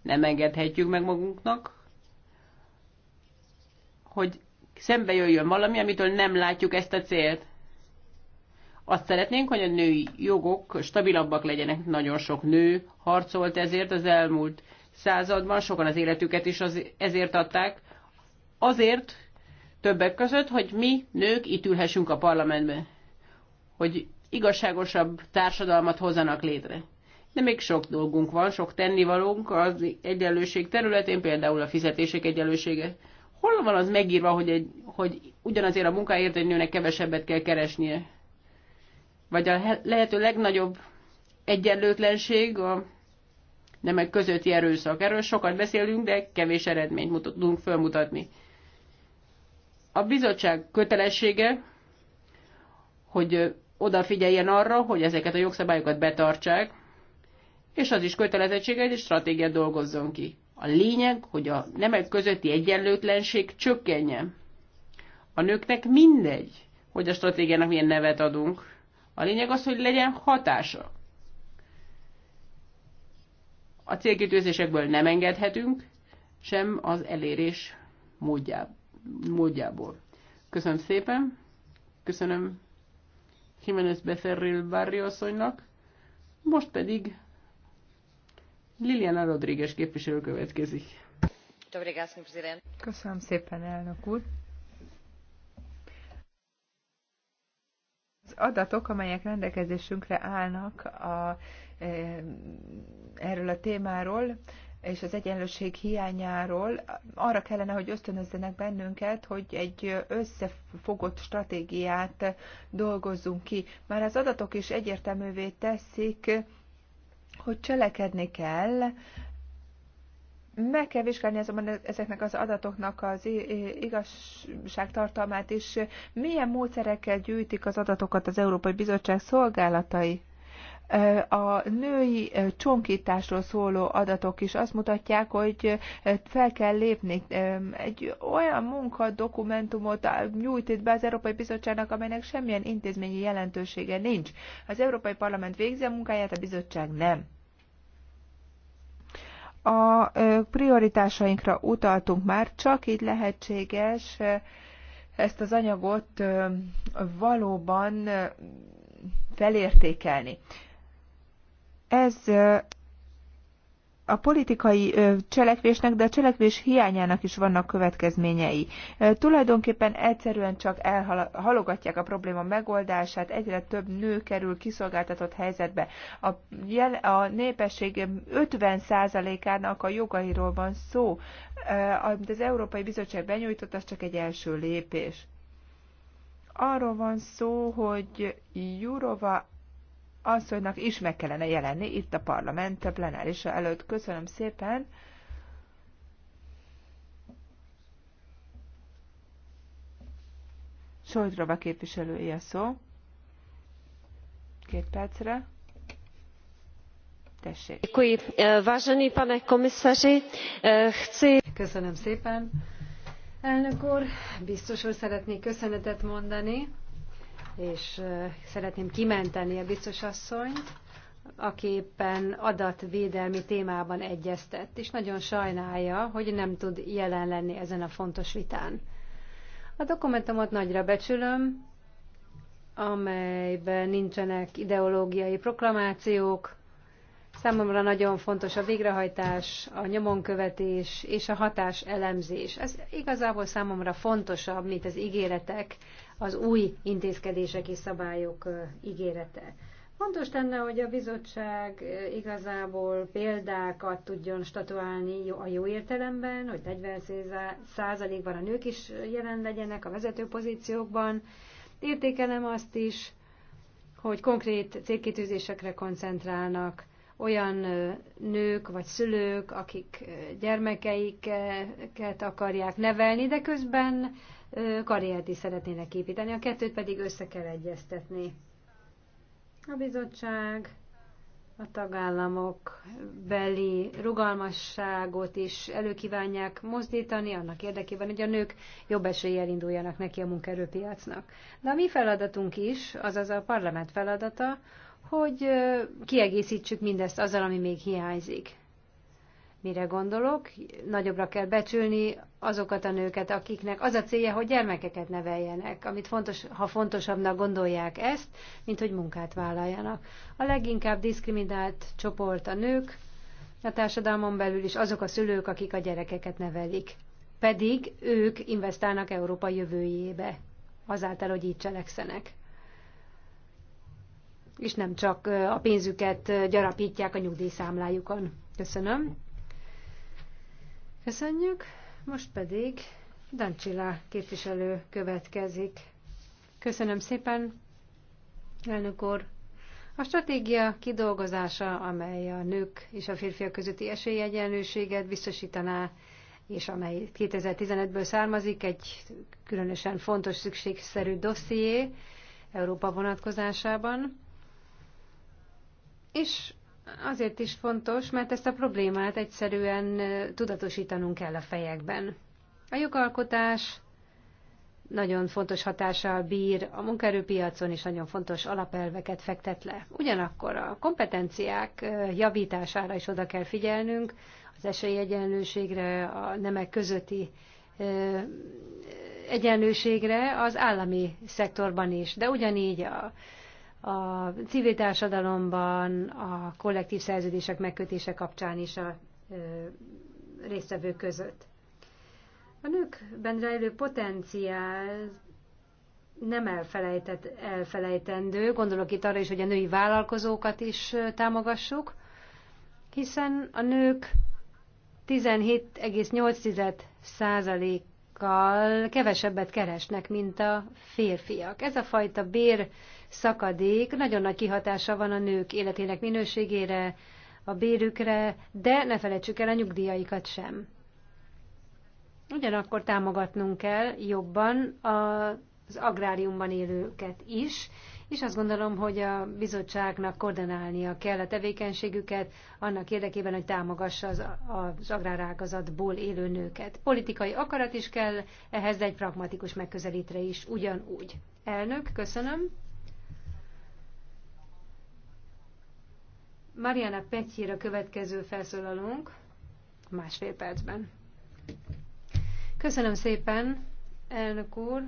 Nem engedhetjük meg magunknak, hogy szembe jöjjön valami, amitől nem látjuk ezt a célt. Azt szeretnénk, hogy a női jogok stabilabbak legyenek. Nagyon sok nő harcolt ezért az elmúlt században sokan az életüket is az, ezért adták, azért többek között, hogy mi nők itt ülhessünk a parlamentben, hogy igazságosabb társadalmat hozzanak létre. De még sok dolgunk van, sok tennivalónk az egyenlőség területén, például a fizetések egyenlősége. Hol van az megírva, hogy, egy, hogy ugyanazért a munkáért egy nőnek kevesebbet kell keresnie? Vagy a lehető legnagyobb egyenlőtlenség a nemek közötti erőszak. Erről sokat beszélünk, de kevés eredményt tudunk felmutatni. A bizottság kötelessége, hogy odafigyeljen arra, hogy ezeket a jogszabályokat betartsák, és az is kötelezettsége, hogy egy stratégiát dolgozzon ki. A lényeg, hogy a nemek közötti egyenlőtlenség csökkenjen. A nőknek mindegy, hogy a stratégiának milyen nevet adunk. A lényeg az, hogy legyen hatása. A célkitűzésekből nem engedhetünk, sem az elérés módjából. Köszönöm szépen, köszönöm Jiménez Becerril Barrioszonynak, most pedig Liliana Rodríguez képviselő következik. Köszönöm szépen, elnök úr. Az adatok, amelyek rendelkezésünkre állnak a Eh, erről a témáról, és az egyenlőség hiányáról, arra kellene, hogy ösztönözzenek bennünket, hogy egy összefogott stratégiát dolgozzunk ki. Már az adatok is egyértelművé teszik, hogy cselekedni kell, meg kell vizsgálni azonban ezeknek az adatoknak az igazságtartalmát is. Milyen módszerekkel gyűjtik az adatokat az Európai Bizottság szolgálatai? A női csonkításról szóló adatok is azt mutatják, hogy fel kell lépni. Egy olyan munkadokumentumot nyújt itt be az Európai Bizottságnak, amelynek semmilyen intézményi jelentősége nincs. Az Európai Parlament végzi a munkáját, a bizottság nem. A prioritásainkra utaltunk már, csak így lehetséges ezt az anyagot valóban felértékelni. Ez a politikai cselekvésnek, de a cselekvés hiányának is vannak következményei. Tulajdonképpen egyszerűen csak elhalogatják a probléma megoldását, egyre több nő kerül kiszolgáltatott helyzetbe. A, jel, a népesség 50%-ának a jogairól van szó. Amit az Európai Bizottság benyújtott, az csak egy első lépés. Arról van szó, hogy Jurova asszonynak is meg kellene jelenni itt a parlament a plenárisa előtt. Köszönöm szépen! Sojdrova képviselője szó. Két percre. Tessék. E, vážený pane komisaři, e, chci... Köszönöm szépen. Elnök úr, biztos hogy szeretnék köszönetet mondani és szeretném kimenteni a biztos asszonyt, aki éppen adatvédelmi témában egyeztett, és nagyon sajnálja, hogy nem tud jelen lenni ezen a fontos vitán. A dokumentumot nagyra becsülöm, amelyben nincsenek ideológiai proklamációk. Számomra nagyon fontos a végrehajtás, a nyomonkövetés és a hatás elemzés. Ez igazából számomra fontosabb, mint az ígéretek, az új intézkedések és szabályok ígérete. Fontos lenne, hogy a bizottság igazából példákat tudjon statuálni a jó értelemben, hogy 40%-ban a nők is jelen legyenek a vezető pozíciókban. Értékelem azt is, hogy konkrét célkitűzésekre koncentrálnak olyan nők vagy szülők, akik gyermekeiket akarják nevelni, de közben karriert is szeretnének építeni, a kettőt pedig össze kell egyeztetni. A bizottság a tagállamok beli rugalmasságot is előkívánják mozdítani, annak érdekében, hogy a nők jobb eséllyel induljanak neki a munkaerőpiacnak. De a mi feladatunk is, azaz a parlament feladata, hogy kiegészítsük mindezt azzal, ami még hiányzik. Mire gondolok? Nagyobbra kell becsülni azokat a nőket, akiknek az a célja, hogy gyermekeket neveljenek, amit fontos, ha fontosabbnak gondolják ezt, mint hogy munkát vállaljanak. A leginkább diszkriminált csoport a nők, a társadalmon belül is azok a szülők, akik a gyerekeket nevelik. Pedig ők investálnak Európa jövőjébe, azáltal, hogy így cselekszenek és nem csak a pénzüket gyarapítják a nyugdíjszámlájukon. Köszönöm. Köszönjük. Most pedig Dancsila képviselő következik. Köszönöm szépen, elnök úr. A stratégia kidolgozása, amely a nők és a férfiak közötti esélyegyenlőséget biztosítaná, és amely 2015-ből származik, egy különösen fontos, szükségszerű dosszié Európa vonatkozásában. És azért is fontos, mert ezt a problémát egyszerűen tudatosítanunk kell a fejekben. A jogalkotás nagyon fontos hatással bír a munkaerőpiacon, is, nagyon fontos alapelveket fektet le. Ugyanakkor a kompetenciák javítására is oda kell figyelnünk, az esélyegyenlőségre, a nemek közötti egyenlőségre az állami szektorban is, de ugyanígy a a civil társadalomban, a kollektív szerződések megkötése kapcsán is a résztvevők között. A nőkben rejlő potenciál nem elfelejtett, elfelejtendő, gondolok itt arra is, hogy a női vállalkozókat is támogassuk, hiszen a nők sokkal kevesebbet keresnek, mint a férfiak. Ez a fajta bér szakadék nagyon nagy kihatása van a nők életének minőségére, a bérükre, de ne felejtsük el a nyugdíjaikat sem. Ugyanakkor támogatnunk kell jobban az agráriumban élőket is, és azt gondolom, hogy a bizottságnak koordinálnia kell a tevékenységüket annak érdekében, hogy támogassa az, az agrárágazatból élő nőket. Politikai akarat is kell, ehhez de egy pragmatikus megközelítre is ugyanúgy. Elnök, köszönöm. Mariana Petyér a következő felszólalunk másfél percben. Köszönöm szépen, elnök úr.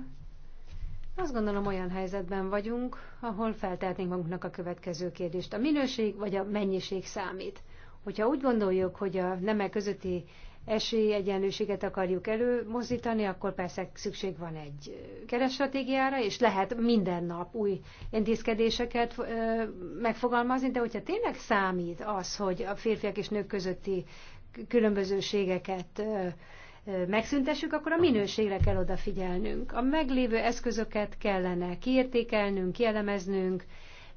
Azt gondolom, olyan helyzetben vagyunk, ahol feltehetnénk magunknak a következő kérdést. A minőség vagy a mennyiség számít? Hogyha úgy gondoljuk, hogy a nemek közötti esély egyenlőséget akarjuk előmozdítani, akkor persze szükség van egy keresstratégiára, és lehet minden nap új intézkedéseket megfogalmazni, de hogyha tényleg számít az, hogy a férfiak és nők közötti különbözőségeket megszüntessük, akkor a minőségre kell odafigyelnünk. A meglévő eszközöket kellene kiértékelnünk, kielemeznünk,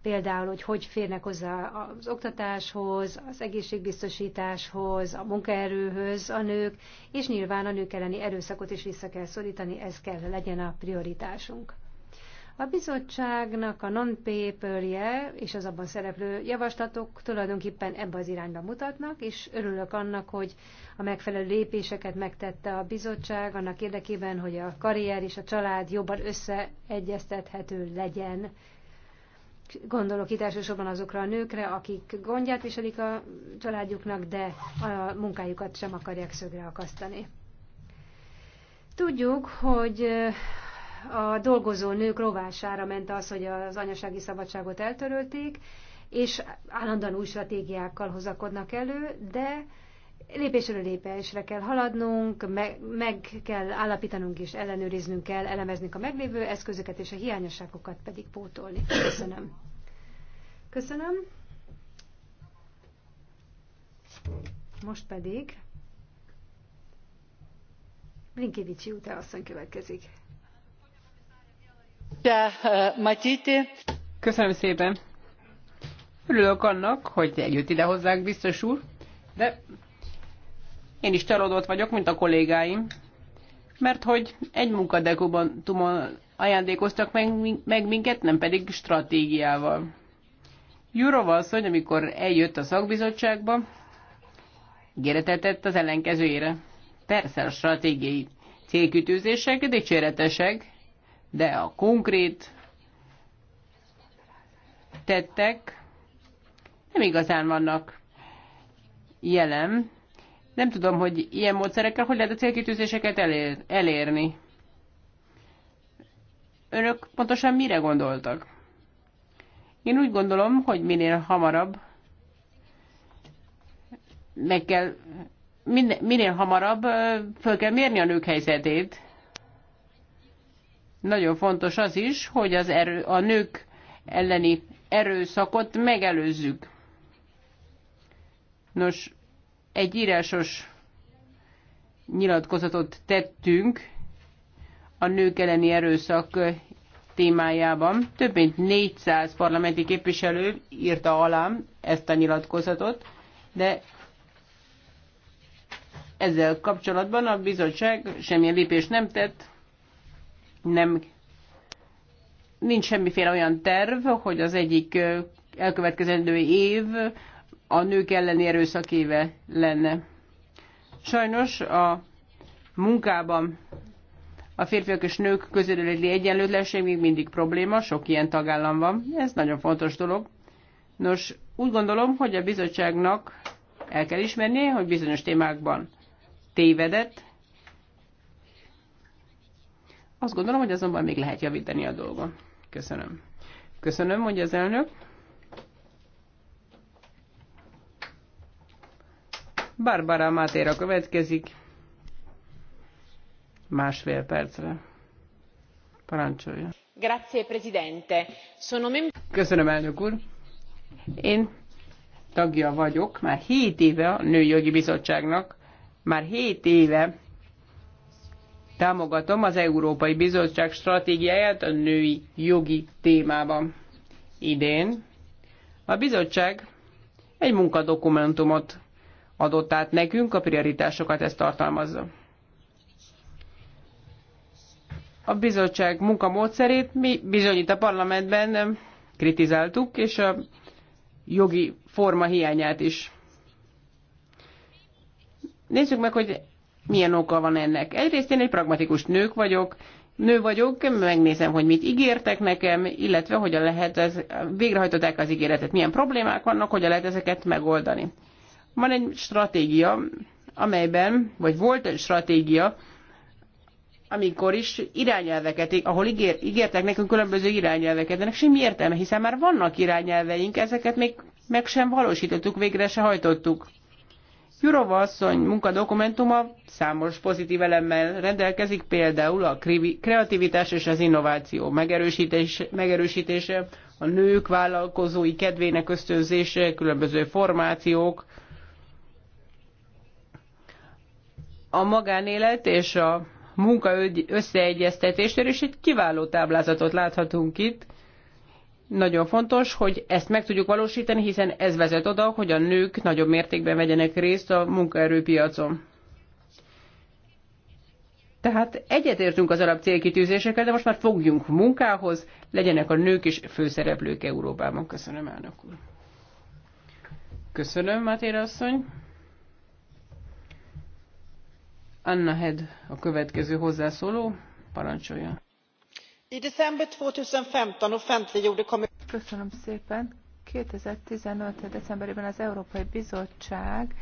például, hogy hogy férnek hozzá az oktatáshoz, az egészségbiztosításhoz, a munkaerőhöz a nők, és nyilván a nők elleni erőszakot is vissza kell szorítani, ez kell legyen a prioritásunk. A bizottságnak a non-paperje és az abban szereplő javaslatok tulajdonképpen ebbe az irányba mutatnak, és örülök annak, hogy a megfelelő lépéseket megtette a bizottság annak érdekében, hogy a karrier és a család jobban összeegyeztethető legyen. Gondolok itt elsősorban azokra a nőkre, akik gondját viselik a családjuknak, de a munkájukat sem akarják szögre akasztani. Tudjuk, hogy a dolgozó nők rovására ment az, hogy az anyasági szabadságot eltörölték, és állandóan új stratégiákkal hozakodnak elő, de lépésről lépésre kell haladnunk, meg, meg kell állapítanunk és ellenőriznünk kell, elemeznünk a meglévő eszközöket és a hiányosságokat pedig pótolni. Köszönöm. Köszönöm. Most pedig Blinkevicsi úte asszony következik. Köszönöm szépen. Örülök annak, hogy eljött ide hozzánk, biztos úr, de én is csalódott vagyok, mint a kollégáim, mert hogy egy munkadekubantumon ajándékoztak meg, meg minket, nem pedig stratégiával. Jurova asszony, amikor eljött a szakbizottságba, ígéretet tett az ellenkezőjére. Persze a stratégiai célkütőzések dicséretesek, de a konkrét tettek nem igazán vannak jelen. Nem tudom, hogy ilyen módszerekkel hogy lehet a célkitűzéseket elér, elérni. Önök pontosan mire gondoltak? Én úgy gondolom, hogy minél hamarabb meg kell, minél, hamarabb föl kell mérni a nők helyzetét, nagyon fontos az is, hogy az erő, a nők elleni erőszakot megelőzzük. Nos, egy írásos nyilatkozatot tettünk a nők elleni erőszak témájában. Több mint 400 parlamenti képviselő írta alá ezt a nyilatkozatot, de ezzel kapcsolatban a bizottság semmilyen lépést nem tett, nem nincs semmiféle olyan terv, hogy az egyik elkövetkezendő év a nők elleni erőszak éve lenne. Sajnos a munkában a férfiak és nők közötti egyenlőtlenség még mindig probléma, sok ilyen tagállam van. Ez nagyon fontos dolog. Nos, úgy gondolom, hogy a bizottságnak el kell ismernie, hogy bizonyos témákban tévedett, azt gondolom, hogy azonban még lehet javítani a dolgon. Köszönöm. Köszönöm, mondja az elnök. Barbara Mátéra következik. Másfél percre. Parancsolja. Grazie, Presidente. Sono mem- Köszönöm, elnök úr. Én tagja vagyok már 7 éve a Nőjogi Bizottságnak. Már 7 éve támogatom az Európai Bizottság stratégiáját a női jogi témában. Idén a bizottság egy munkadokumentumot adott át nekünk, a prioritásokat ezt tartalmazza. A bizottság munkamódszerét mi bizonyít a parlamentben kritizáltuk, és a jogi forma hiányát is. Nézzük meg, hogy milyen oka van ennek? Egyrészt én egy pragmatikus nők vagyok, nő vagyok, megnézem, hogy mit ígértek nekem, illetve hogyan lehet ez, végrehajtották az ígéretet, milyen problémák vannak, hogyan lehet ezeket megoldani. Van egy stratégia, amelyben, vagy volt egy stratégia, amikor is irányelveket, ahol ígér, ígértek nekünk különböző irányelveket, de ennek semmi értelme, hiszen már vannak irányelveink, ezeket még meg sem valósítottuk, végre se hajtottuk. Jurova asszony munkadokumentuma számos pozitív elemmel rendelkezik, például a kreativitás és az innováció megerősítése, a nők vállalkozói kedvének ösztönzése, különböző formációk, a magánélet és a munka összeegyeztetésről, és egy kiváló táblázatot láthatunk itt, nagyon fontos, hogy ezt meg tudjuk valósítani, hiszen ez vezet oda, hogy a nők nagyobb mértékben vegyenek részt a munkaerőpiacon. Tehát egyetértünk az alap célkitűzésekkel, de most már fogjunk munkához, legyenek a nők is főszereplők Európában. Köszönöm, elnök úr. Köszönöm, Mátéra asszony. Anna Head a következő hozzászóló. Parancsolja. I december 2015 offentliggjorde Köszönöm szépen. 2015. decemberében az Európai Bizottság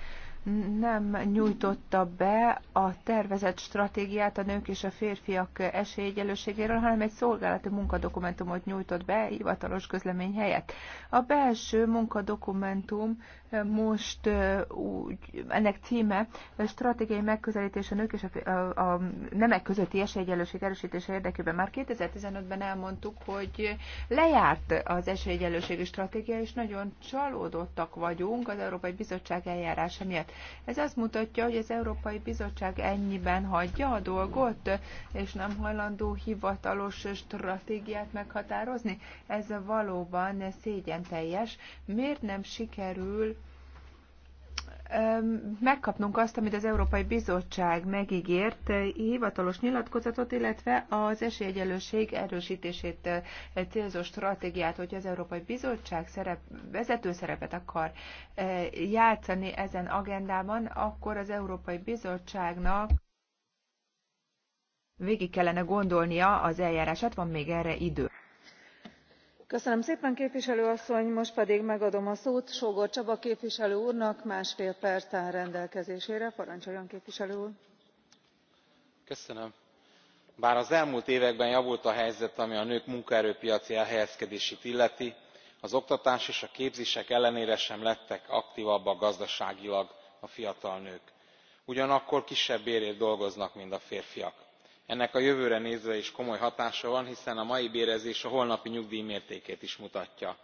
nem nyújtotta be a tervezett stratégiát a nők és a férfiak esélyegyenlőségéről hanem egy szolgálati munkadokumentumot nyújtott be hivatalos közlemény helyett. A belső munkadokumentum most úgy, ennek címe stratégiai megközelítés a nők és a, a, a nemek közötti esélyegyenlőség erősítése érdekében. Már 2015-ben elmondtuk, hogy lejárt az esélyegyenlőségi stratégia, és nagyon csalódottak vagyunk az Európai Bizottság eljárása miatt. Ez azt mutatja, hogy az Európai Bizottság ennyiben hagyja a dolgot, és nem hajlandó hivatalos stratégiát meghatározni. Ez valóban szégyen teljes. Miért nem sikerül megkapnunk azt, amit az Európai Bizottság megígért, hivatalos nyilatkozatot, illetve az esélyegyelőség erősítését célzó stratégiát, hogy az Európai Bizottság szerep, vezető szerepet akar játszani ezen agendában, akkor az Európai Bizottságnak végig kellene gondolnia az eljárását, van még erre idő köszönöm szépen képviselő asszony most pedig megadom a szót sógor csaba képviselő úrnak másfél perc áll rendelkezésére parancsoljon képviselő úr! bár az elmúlt években javult a helyzet ami a nők munkaerőpiaci elhelyezkedését illeti az oktatás és a képzések ellenére sem lettek aktvabbak gazdaságilag a fiatal nők ugyanakkor kisebb bérért dolgoznak mint a férfiak ennek a jövőre nézve is komoly hatása van hiszen a mai bérezés a holnapi nyugdj mértékét is mutatja.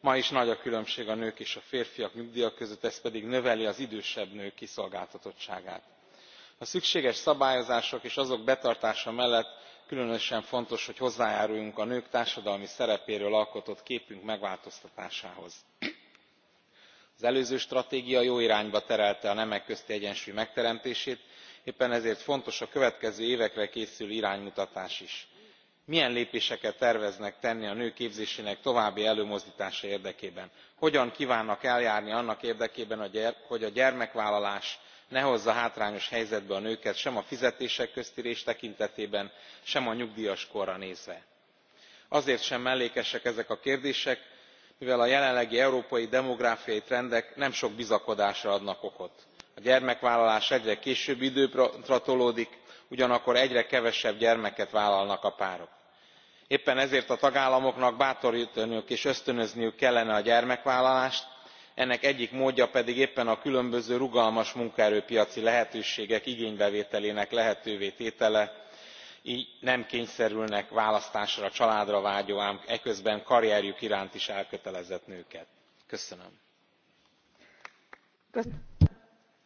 ma is nagy a különbség a nők és a férfiak nyugdja között ez pedig növeli az idősebb nők kiszolgáltatottságát. a szükséges szabályozások és azok betartása mellett különösen fontos hogy hozzájáruljunk a nők társadalmi szerepéről alkotott képünk megváltoztatásához. az előző stratégia jó irányba terelte a nemek közti egyensúly megteremtését éppen ezért fontos a következő évekre készülő iránymutatás is. milyen lépéseket terveznek tenni a nők képzésének további előmozdtása érdekében? hogyan kvánnak eljárni annak érdekében hogy a gyermekvállalás ne hozza hátrányos helyzetbe a nőket sem a fizetések közti rés tekintetében sem a korra nézve? azért sem mellékesek ezek a kérdések mivel a jelenlegi európai demográfiai trendek nem sok bizakodásra adnak okot a gyermekvállalás egyre későbbi időpontra tolódik ugyanakkor egyre kevesebb gyermeket vállalnak a párok. éppen ezért a tagállamoknak bátortaniuk és ösztönözniük kellene a gyermekvállalást ennek egyik módja pedig éppen a különböző rugalmas munkaerőpiaci lehetőségek igénybevételének lehetővé tétele gy nem kényszerülnek választásra családra vágyó ám eközben karrierjük iránt is elkötelezett nőket. köszönöm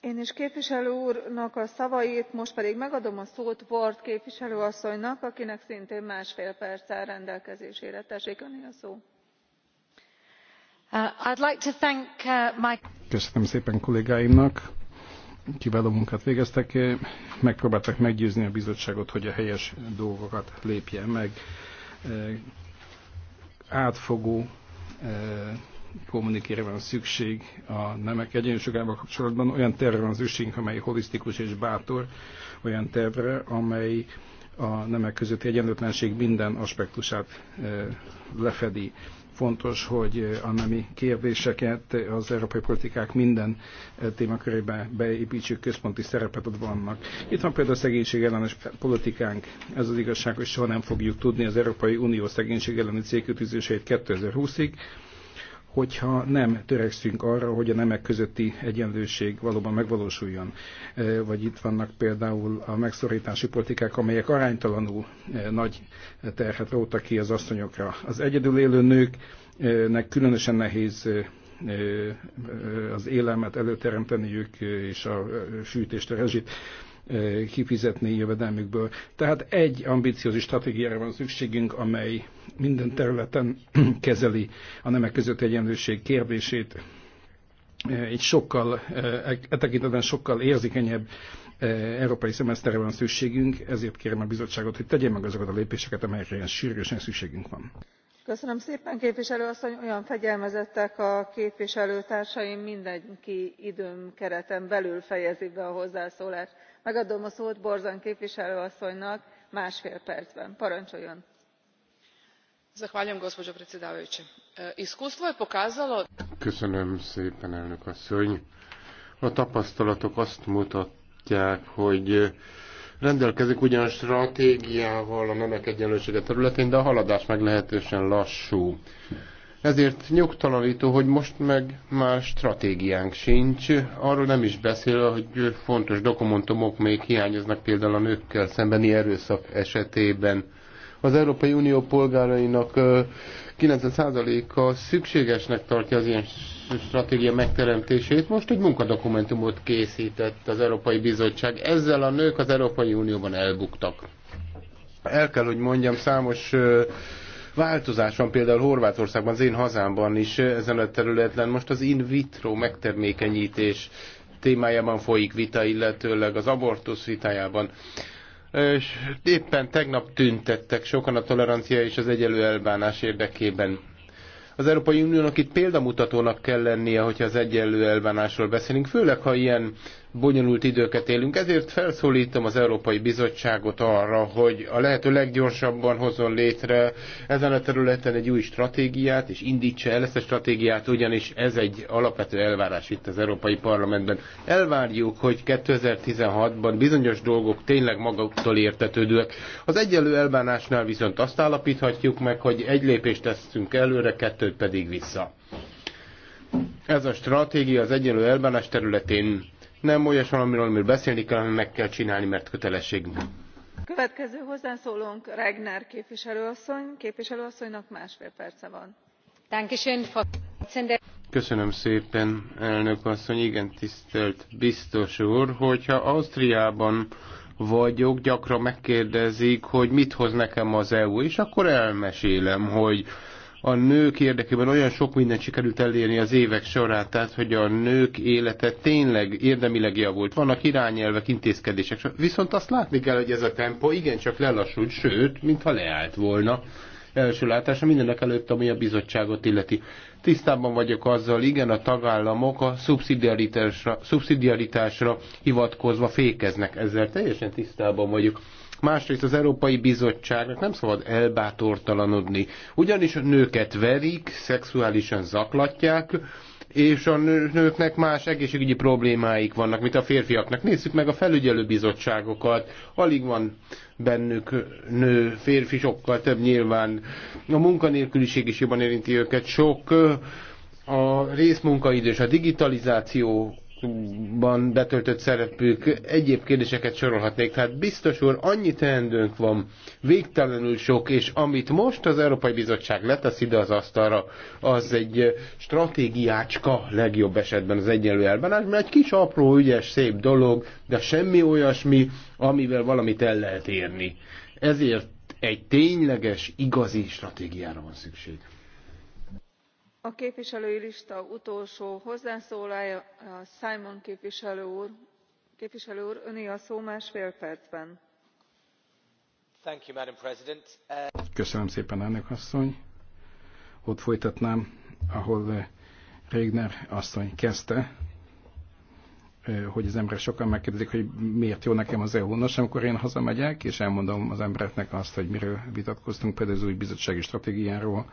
én is képviselő úrnak a szavait most pedig megadom a szót ward képviselő asszonynak akinek szintén másfél perc áll rendelkezésére. tessék öné a szó. Uh, uh, köszönöm szépen kollégáimnak kiváló munkát végeztek megpróbáltak meggyőzni a bizottságot hogy a helyes dolgokat lépje meg uh, átfogó kommunikére van szükség a nemek egyensúlyával kapcsolatban. Olyan tervre van szükségünk, amely holisztikus és bátor, olyan tervre, amely a nemek közötti egyenlőtlenség minden aspektusát lefedi. Fontos, hogy a nemi kérdéseket az európai politikák minden témakörébe beépítsük, központi szerepet ott vannak. Itt van például a szegénység ellenes politikánk. Ez az igazság, hogy soha nem fogjuk tudni az Európai Unió szegénység elleni célkötűzéseit 2020-ig hogyha nem törekszünk arra, hogy a nemek közötti egyenlőség valóban megvalósuljon. E, vagy itt vannak például a megszorítási politikák, amelyek aránytalanul e, nagy terhet rótak ki az asszonyokra. Az egyedül élő nőknek különösen nehéz e, az élelmet ők és a fűtést, a rezsit kifizetni jövedelmükből. Tehát egy ambiciózus stratégiára van szükségünk, amely minden területen kezeli a nemek között egyenlőség kérdését, egy sokkal, e, e tekintetben sokkal érzékenyebb európai szemeszterre van szükségünk, ezért kérem a bizottságot, hogy tegye meg azokat a lépéseket, amelyekre ilyen sürgősen szükségünk van köszönöm szépen képviselő asszony olyan fegyelmezettek a képviselőtársaim mindenki időkereten belül fejezi be a hozzászólást. megadom a szót borzan képviselő asszonynak másfél percben parancsoljon. gospođo predsjednice iskustvo je pokazalo. köszönöm szépen elnök asszony a tapasztalatok azt mutatják hogy rendelkezik ugyan stratégiával a nemek egyenlősége területén, de a haladás meglehetősen lassú. Ezért nyugtalanító, hogy most meg már stratégiánk sincs. Arról nem is beszél, hogy fontos dokumentumok még hiányoznak például a nőkkel szembeni erőszak esetében az Európai Unió polgárainak 90%-a szükségesnek tartja az ilyen stratégia megteremtését. Most egy munkadokumentumot készített az Európai Bizottság. Ezzel a nők az Európai Unióban elbuktak. El kell, hogy mondjam, számos változás van például Horvátországban, az én hazámban is ezen a területen. Most az in vitro megtermékenyítés témájában folyik vita, illetőleg az abortusz vitájában és éppen tegnap tüntettek sokan a tolerancia és az egyenlő elbánás érdekében. Az Európai Uniónak itt példamutatónak kell lennie, hogyha az egyenlő elbánásról beszélünk, főleg ha ilyen bonyolult időket élünk. Ezért felszólítom az Európai Bizottságot arra, hogy a lehető leggyorsabban hozzon létre ezen a területen egy új stratégiát, és indítsa el ezt a stratégiát, ugyanis ez egy alapvető elvárás itt az Európai Parlamentben. Elvárjuk, hogy 2016-ban bizonyos dolgok tényleg maguktól értetődőek. Az egyenlő elbánásnál viszont azt állapíthatjuk meg, hogy egy lépést teszünk előre, kettőt pedig vissza. Ez a stratégia az egyenlő elbánás területén nem olyas valamiről, amiről beszélni kell, hanem meg kell csinálni, mert kötelességünk. Következő hozzászólónk Regner képviselőasszony. Képviselőasszonynak másfél perce van. Köszönöm szépen, elnök asszony. Igen, tisztelt biztos úr, hogyha Ausztriában vagyok, gyakran megkérdezik, hogy mit hoz nekem az EU, és akkor elmesélem, hogy a nők érdekében olyan sok mindent sikerült elérni az évek során, tehát hogy a nők élete tényleg érdemileg javult. Vannak irányelvek, intézkedések, viszont azt látni kell, hogy ez a tempo igencsak lelassult, sőt, mintha leállt volna első látása, mindenek előtt, ami a bizottságot illeti. Tisztában vagyok azzal, igen, a tagállamok a szubszidiaritásra, szubszidiaritásra hivatkozva fékeznek ezzel, teljesen tisztában vagyok. Másrészt az Európai Bizottságnak nem szabad elbátortalanodni, ugyanis a nőket verik, szexuálisan zaklatják, és a nőknek más egészségügyi problémáik vannak, mint a férfiaknak. Nézzük meg a felügyelőbizottságokat, alig van bennük nő, férfi sokkal több nyilván. A munkanélküliség is jobban érinti őket, sok a részmunkaidő és a digitalizáció harcban betöltött szerepük, egyéb kérdéseket sorolhatnék. Tehát biztos úr, annyi teendőnk van, végtelenül sok, és amit most az Európai Bizottság letesz ide az asztalra, az egy stratégiácska legjobb esetben az egyenlő elbánás, mert egy kis apró, ügyes, szép dolog, de semmi olyasmi, amivel valamit el lehet érni. Ezért egy tényleges, igazi stratégiára van szükség a képviselői lista utolsó hozzászólója simon képviselő úr. képviselő úr öné a szó másfél percben. Uh, köszönöm szépen elnök asszony! ott folytatnám ahol uh, regner asszony kezdte uh, hogy az emberek sokan megkérdezik, hogy miért jó nekem az EU. Nos, amikor én hazamegyek, és elmondom az embereknek azt, hogy miről vitatkoztunk, például az új bizottsági stratégiáról,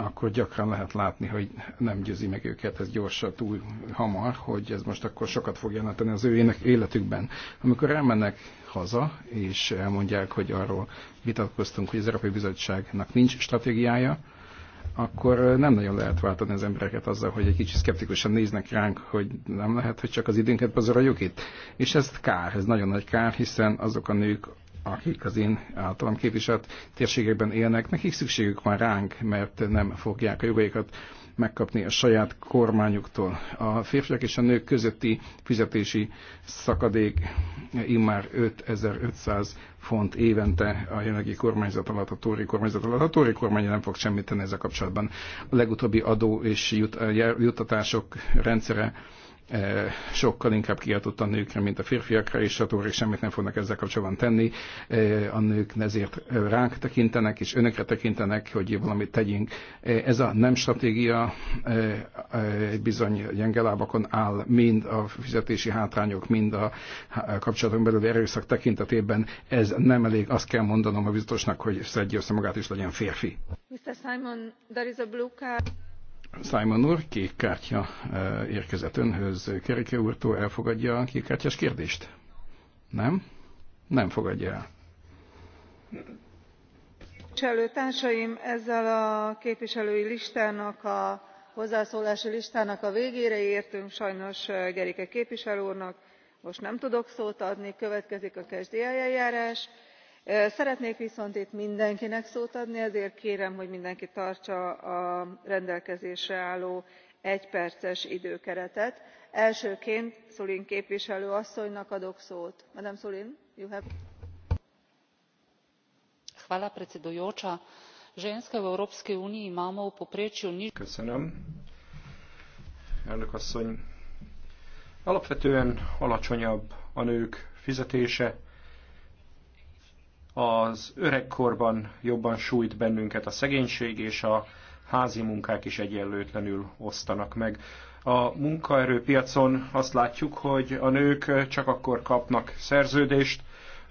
akkor gyakran lehet látni, hogy nem győzi meg őket ez gyorsan túl hamar, hogy ez most akkor sokat fog jelenteni az ő életükben. Amikor elmennek haza, és elmondják, hogy arról vitatkoztunk, hogy az Európai Bizottságnak nincs stratégiája, akkor nem nagyon lehet váltani az embereket azzal, hogy egy kicsit szkeptikusan néznek ránk, hogy nem lehet, hogy csak az időnket pazaroljuk itt. És ez kár, ez nagyon nagy kár, hiszen azok a nők, akik az én általam képviselt térségekben élnek, nekik szükségük van ránk, mert nem fogják a jogaikat megkapni a saját kormányuktól. A férfiak és a nők közötti fizetési szakadék immár 5500 font évente a jelenlegi kormányzat alatt, a Tóri kormányzat alatt. A Tóri kormány nem fog semmit tenni ezzel kapcsolatban. A legutóbbi adó és juttatások rendszere Eh, sokkal inkább kiadott a nőkre, mint a férfiakra, és a tórik semmit nem fognak ezzel kapcsolatban tenni. Eh, a nők ezért eh, ránk tekintenek, és önökre tekintenek, hogy valamit tegyünk. Ez a nem stratégia bizony gyenge lábakon áll, mind a fizetési hátrányok, mind a kapcsolaton belül erőszak tekintetében. Ez nem elég, azt kell mondanom a biztosnak, hogy szedje össze magát és legyen férfi. Mr. Simon, there is a blue card. Simon úr, kék kártya e, érkezett önhöz. Kerike úrtól elfogadja a kék kártyás kérdést? Nem? Nem fogadja el. Képviselőtársaim, ezzel a képviselői listának, a hozzászólási listának a végére értünk. Sajnos e, Gerike képviselő úrnak most nem tudok szót adni, következik a kezdi eljárás szeretnék viszont itt mindenkinek szót adni ezért kérem hogy mindenki tartsa a rendelkezésre álló egyperces időkeretet. elsőként szulin képviselő asszonynak adok szót. gospa predsedujoča ženske v evropski uniji imamo v povprečju. alapvetően alacsonyabb a nők fizetése az öregkorban jobban sújt bennünket a szegénység, és a házi munkák is egyenlőtlenül osztanak meg. A munkaerőpiacon azt látjuk, hogy a nők csak akkor kapnak szerződést,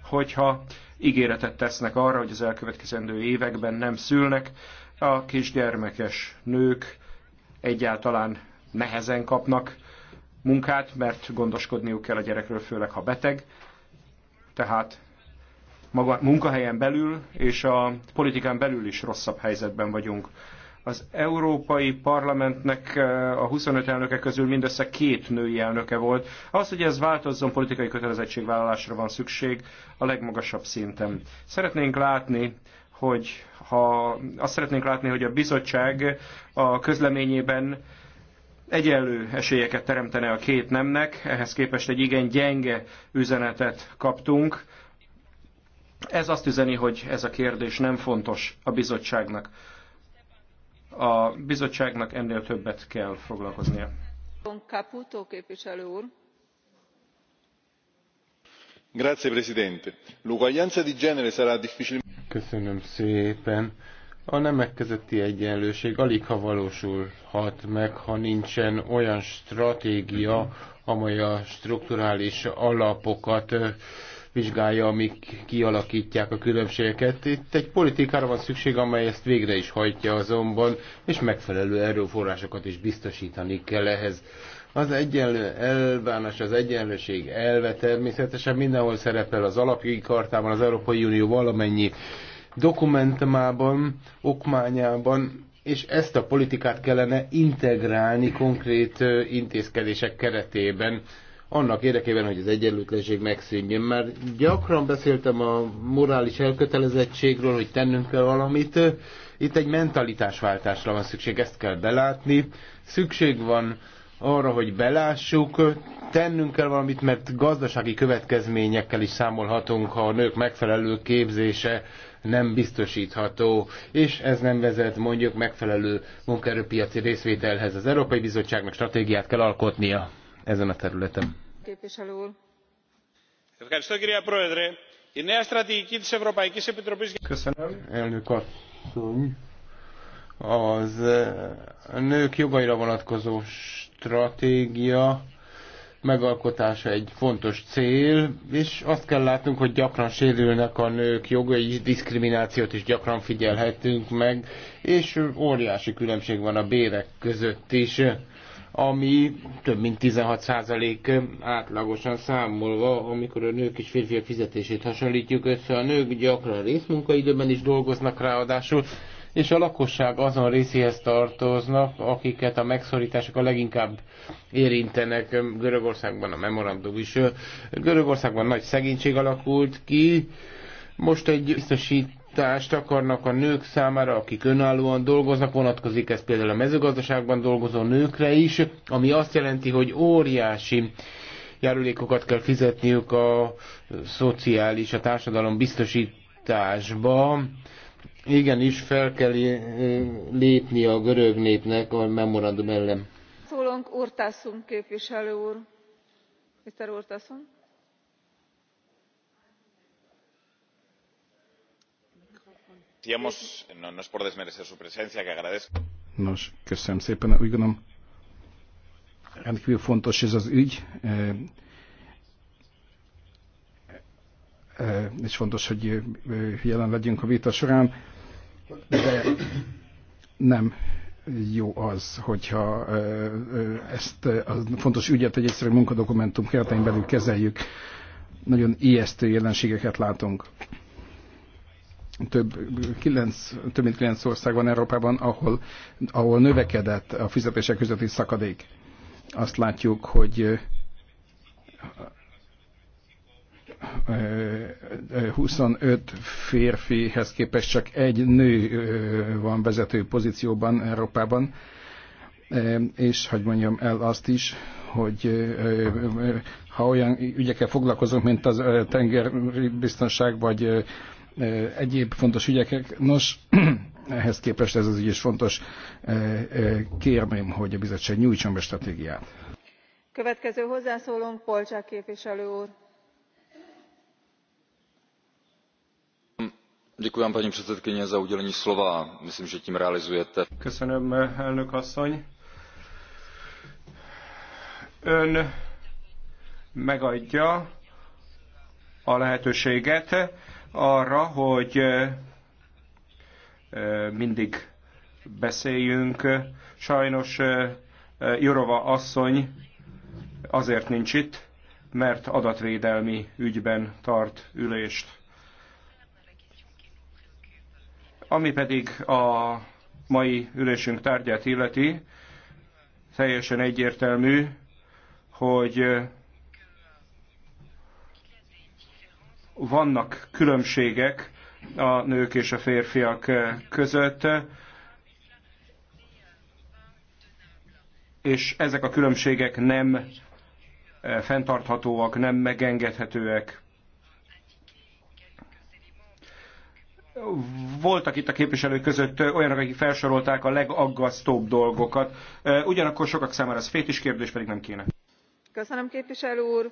hogyha ígéretet tesznek arra, hogy az elkövetkezendő években nem szülnek, a kisgyermekes nők egyáltalán nehezen kapnak munkát, mert gondoskodniuk kell a gyerekről, főleg ha beteg. Tehát maga, munkahelyen belül és a politikán belül is rosszabb helyzetben vagyunk. Az Európai Parlamentnek eh, a 25 elnöke közül mindössze két női elnöke volt. Az hogy ez változzon, politikai kötelezettségvállalásra van szükség a legmagasabb szinten. Szeretnénk látni, hogy ha azt szeretnénk látni, hogy a bizottság a közleményében egyenlő esélyeket teremtene a két nemnek, ehhez képest egy igen gyenge üzenetet kaptunk ez azt üzeni, hogy ez a kérdés nem fontos a bizottságnak. A bizottságnak ennél többet kell foglalkoznia. Caputo képviselő úr. Grazie Presidente. L'uguaglianza di genere sarà difficile. Köszönöm szépen. A nemek közötti egyenlőség alig ha valósulhat meg, ha nincsen olyan stratégia, amely a strukturális alapokat vizsgálja, amik kialakítják a különbségeket. Itt egy politikára van szükség, amely ezt végre is hajtja azonban, és megfelelő erőforrásokat is biztosítani kell ehhez. Az egyenlő elvánás az egyenlőség elve természetesen mindenhol szerepel az alapjogi kartában, az Európai Unió valamennyi dokumentumában, okmányában, és ezt a politikát kellene integrálni konkrét intézkedések keretében annak érdekében, hogy az egyenlőtlenség megszűnjön. Már gyakran beszéltem a morális elkötelezettségről, hogy tennünk kell valamit. Itt egy mentalitásváltásra van szükség, ezt kell belátni. Szükség van arra, hogy belássuk, tennünk kell valamit, mert gazdasági következményekkel is számolhatunk, ha a nők megfelelő képzése nem biztosítható, és ez nem vezet mondjuk megfelelő munkaerőpiaci részvételhez. Az Európai Bizottságnak stratégiát kell alkotnia ezen a területen. Képviselő úr. Köszönöm, elnök asszony. Az eh, nők jogaira vonatkozó stratégia megalkotása egy fontos cél, és azt kell látnunk, hogy gyakran sérülnek a nők jogai, diszkriminációt is gyakran figyelhetünk meg, és óriási különbség van a bérek között is ami több mint 16% átlagosan számolva, amikor a nők és férfiak fizetését hasonlítjuk össze. A nők gyakran részmunkaidőben is dolgoznak ráadásul, és a lakosság azon részéhez tartoznak, akiket a megszorítások a leginkább érintenek. Görögországban a memorandum is. Görögországban nagy szegénység alakult ki, most egy biztosít juttatást akarnak a nők számára, akik önállóan dolgoznak, vonatkozik ez például a mezőgazdaságban dolgozó nőkre is, ami azt jelenti, hogy óriási járulékokat kell fizetniük a szociális, a társadalom biztosításba. is fel kell lépni a görög népnek a memorandum ellen. Szólunk Urtászum képviselő úr. Mr. Urtászum decíamos, no, no es por desmerecer su presencia, que agradezco. Nos, köszönöm szépen. Úgy gondolom, rendkívül fontos ez az ügy, eh, eh, és fontos, hogy eh, jelen legyünk a vita során, de nem jó az, hogyha ezt a fontos ügyet egy egyszerű munkadokumentum keretein belül kezeljük. Nagyon ijesztő jelenségeket látunk több, kilenc, több mint kilenc ország van Európában, ahol, ahol növekedett a fizetések közötti szakadék. Azt látjuk, hogy 25 férfihez képest csak egy nő van vezető pozícióban Európában, és hogy mondjam el azt is, hogy ha olyan ügyekkel foglalkozunk, mint az tengerbiztonság vagy egyéb fontos ügyekek. Nos, ehhez képest ez az ügy is fontos. Kérném, hogy a bizottság nyújtson be stratégiát. Következő hozzászólónk Polcsák képviselő úr. paní slova. myslím že tím realizujete. köszönöm elnök asszony ön megadja a lehetőséget arra, hogy mindig beszéljünk. Sajnos Jurova asszony azért nincs itt, mert adatvédelmi ügyben tart ülést. Ami pedig a mai ülésünk tárgyát illeti, teljesen egyértelmű, hogy vannak különbségek a nők és a férfiak eh, között, és ezek a különbségek nem eh, fenntarthatóak, nem megengedhetőek. voltak itt a képviselők között eh, olyanok, akik felsorolták a legaggasztóbb dolgokat. Ugyanakkor sokak számára ez fétis kérdés, pedig nem kéne. Köszönöm képviselő úr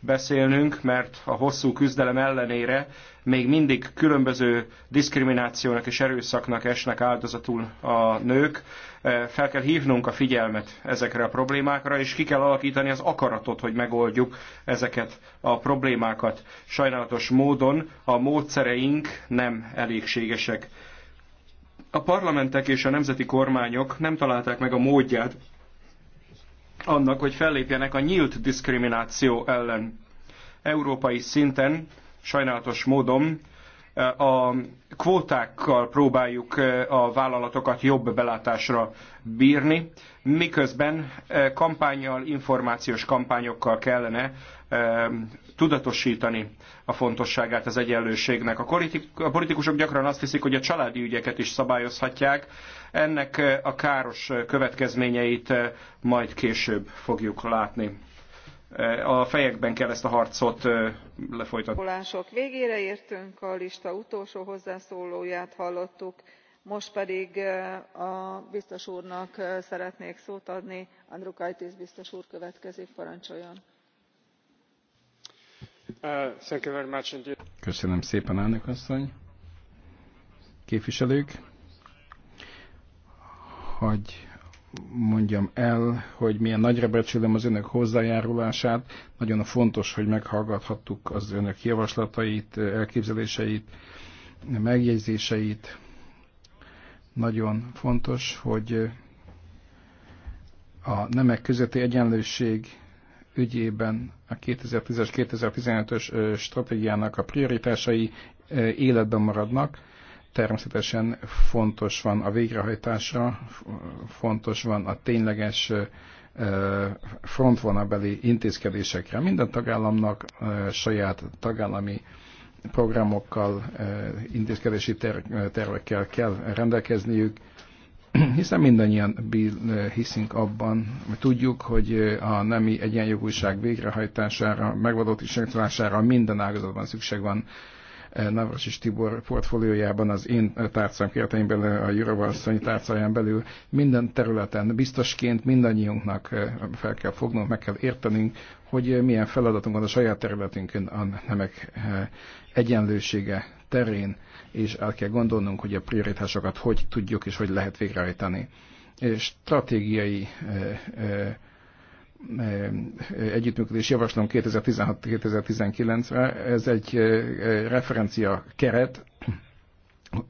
beszélnünk, mert a hosszú küzdelem ellenére még mindig különböző diszkriminációnak és erőszaknak esnek áldozatul a nők. Eh, fel kell hívnunk a figyelmet ezekre a problémákra, és ki kell alakítani az akaratot, hogy megoldjuk ezeket a problémákat. Sajnálatos módon a módszereink nem elégségesek. A parlamentek és a nemzeti kormányok nem találták meg a módját annak, hogy fellépjenek a nyílt diszkrimináció ellen. Európai szinten sajnálatos módon eh, a kvótákkal próbáljuk eh, a vállalatokat jobb belátásra bírni, miközben eh, kampányjal, információs kampányokkal kellene Ehm, tudatosítani a fontosságát az egyenlőségnek. A, politikusok gyakran azt hiszik, hogy a családi ügyeket is szabályozhatják, ennek eh, a káros eh, következményeit eh, majd később fogjuk látni. A fejekben kell ezt a harcot lefolytatni. A végére értünk, a lista utolsó hozzászólóját hallottuk most pedig a biztos úrnak szeretnék szót adni andriukaitis biztos úr következik parancsoljon! Köszönöm szépen, elnök asszony. Képviselők, hogy mondjam el, hogy milyen nagyra becsülöm az önök hozzájárulását. Nagyon fontos, hogy meghallgathattuk az önök javaslatait, elképzeléseit, megjegyzéseit. Nagyon fontos, hogy a nemek közötti egyenlőség ügyében a 2010 2015-ös stratégiának a prioritásai életben maradnak. Természetesen fontos van a végrehajtásra, fontos van a tényleges frontvonabeli intézkedésekre. Minden tagállamnak saját tagállami programokkal, intézkedési tervekkel kell rendelkezniük hiszen mindannyian hiszünk abban, hogy tudjuk, hogy a nemi egyenjogúság végrehajtására, megvadott ismertelására minden ágazatban szükség van. Navras és Tibor portfóliójában, az én tárcám kérteim belül, a Jurovasszony tárcáján belül minden területen biztosként mindannyiunknak fel kell fognunk, meg kell értenünk, hogy milyen feladatunk van a saját területünkön a nemek egyenlősége terén, és el kell gondolnunk, hogy a prioritásokat hogy tudjuk és hogy lehet végrehajtani. És stratégiai eh, eh, eh, együttműködés javaslom 2016-2019-re. Ez egy referencia keret,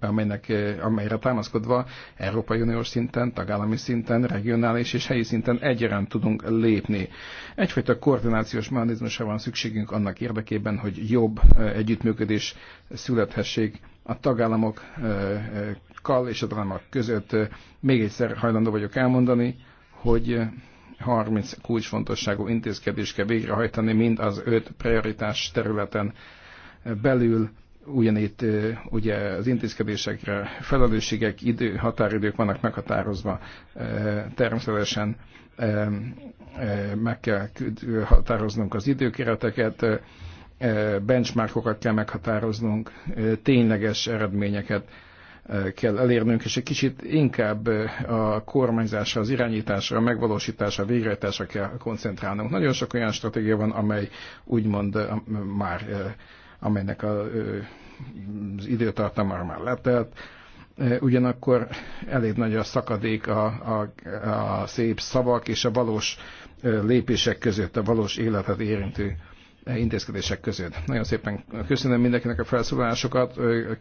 amelynek, eh, amelyre támaszkodva Európai Uniós szinten, tagállami szinten, regionális és helyi szinten egyaránt tudunk lépni. Egyfajta koordinációs mechanizmusra van szükségünk annak érdekében, hogy jobb eh, együttműködés születhessék a tagállamokkal eh, és a tagállamok között. Még egyszer hajlandó vagyok elmondani, hogy 30 kulcsfontosságú intézkedést kell végrehajtani mind az öt prioritás területen belül, ugyanitt ugye az intézkedésekre felelősségek, idő, határidők vannak meghatározva. Természetesen meg kell határoznunk az időkereteket, benchmarkokat kell meghatároznunk, tényleges eredményeket kell elérnünk, és egy kicsit inkább a kormányzásra, az irányításra, a megvalósításra, a végrehajtásra kell koncentrálnunk. Nagyon sok olyan stratégia van, amely úgymond már amelynek a, az időtartama már letelt. Ugyanakkor elég nagy a szakadék a, a, a szép szavak és a valós lépések között, a valós életet érintő intézkedések között. Nagyon szépen köszönöm mindenkinek a felszólalásokat,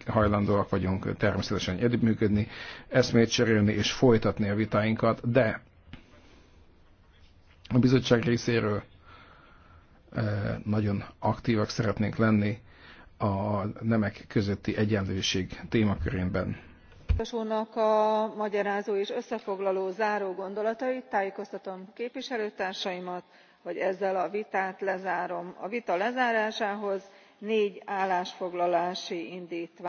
hajlandóak vagyunk természetesen együttműködni, eszmét cserélni és folytatni a vitáinkat, de a bizottság részéről nagyon aktívak szeretnénk lenni a nemek közötti egyenlőség témakörében. A a magyarázó és összefoglaló záró gondolatait tájékoztatom képviselőtársaimat hogy ezzel a vitát lezárom. a vita lezárásához négy állásfoglalási indtvány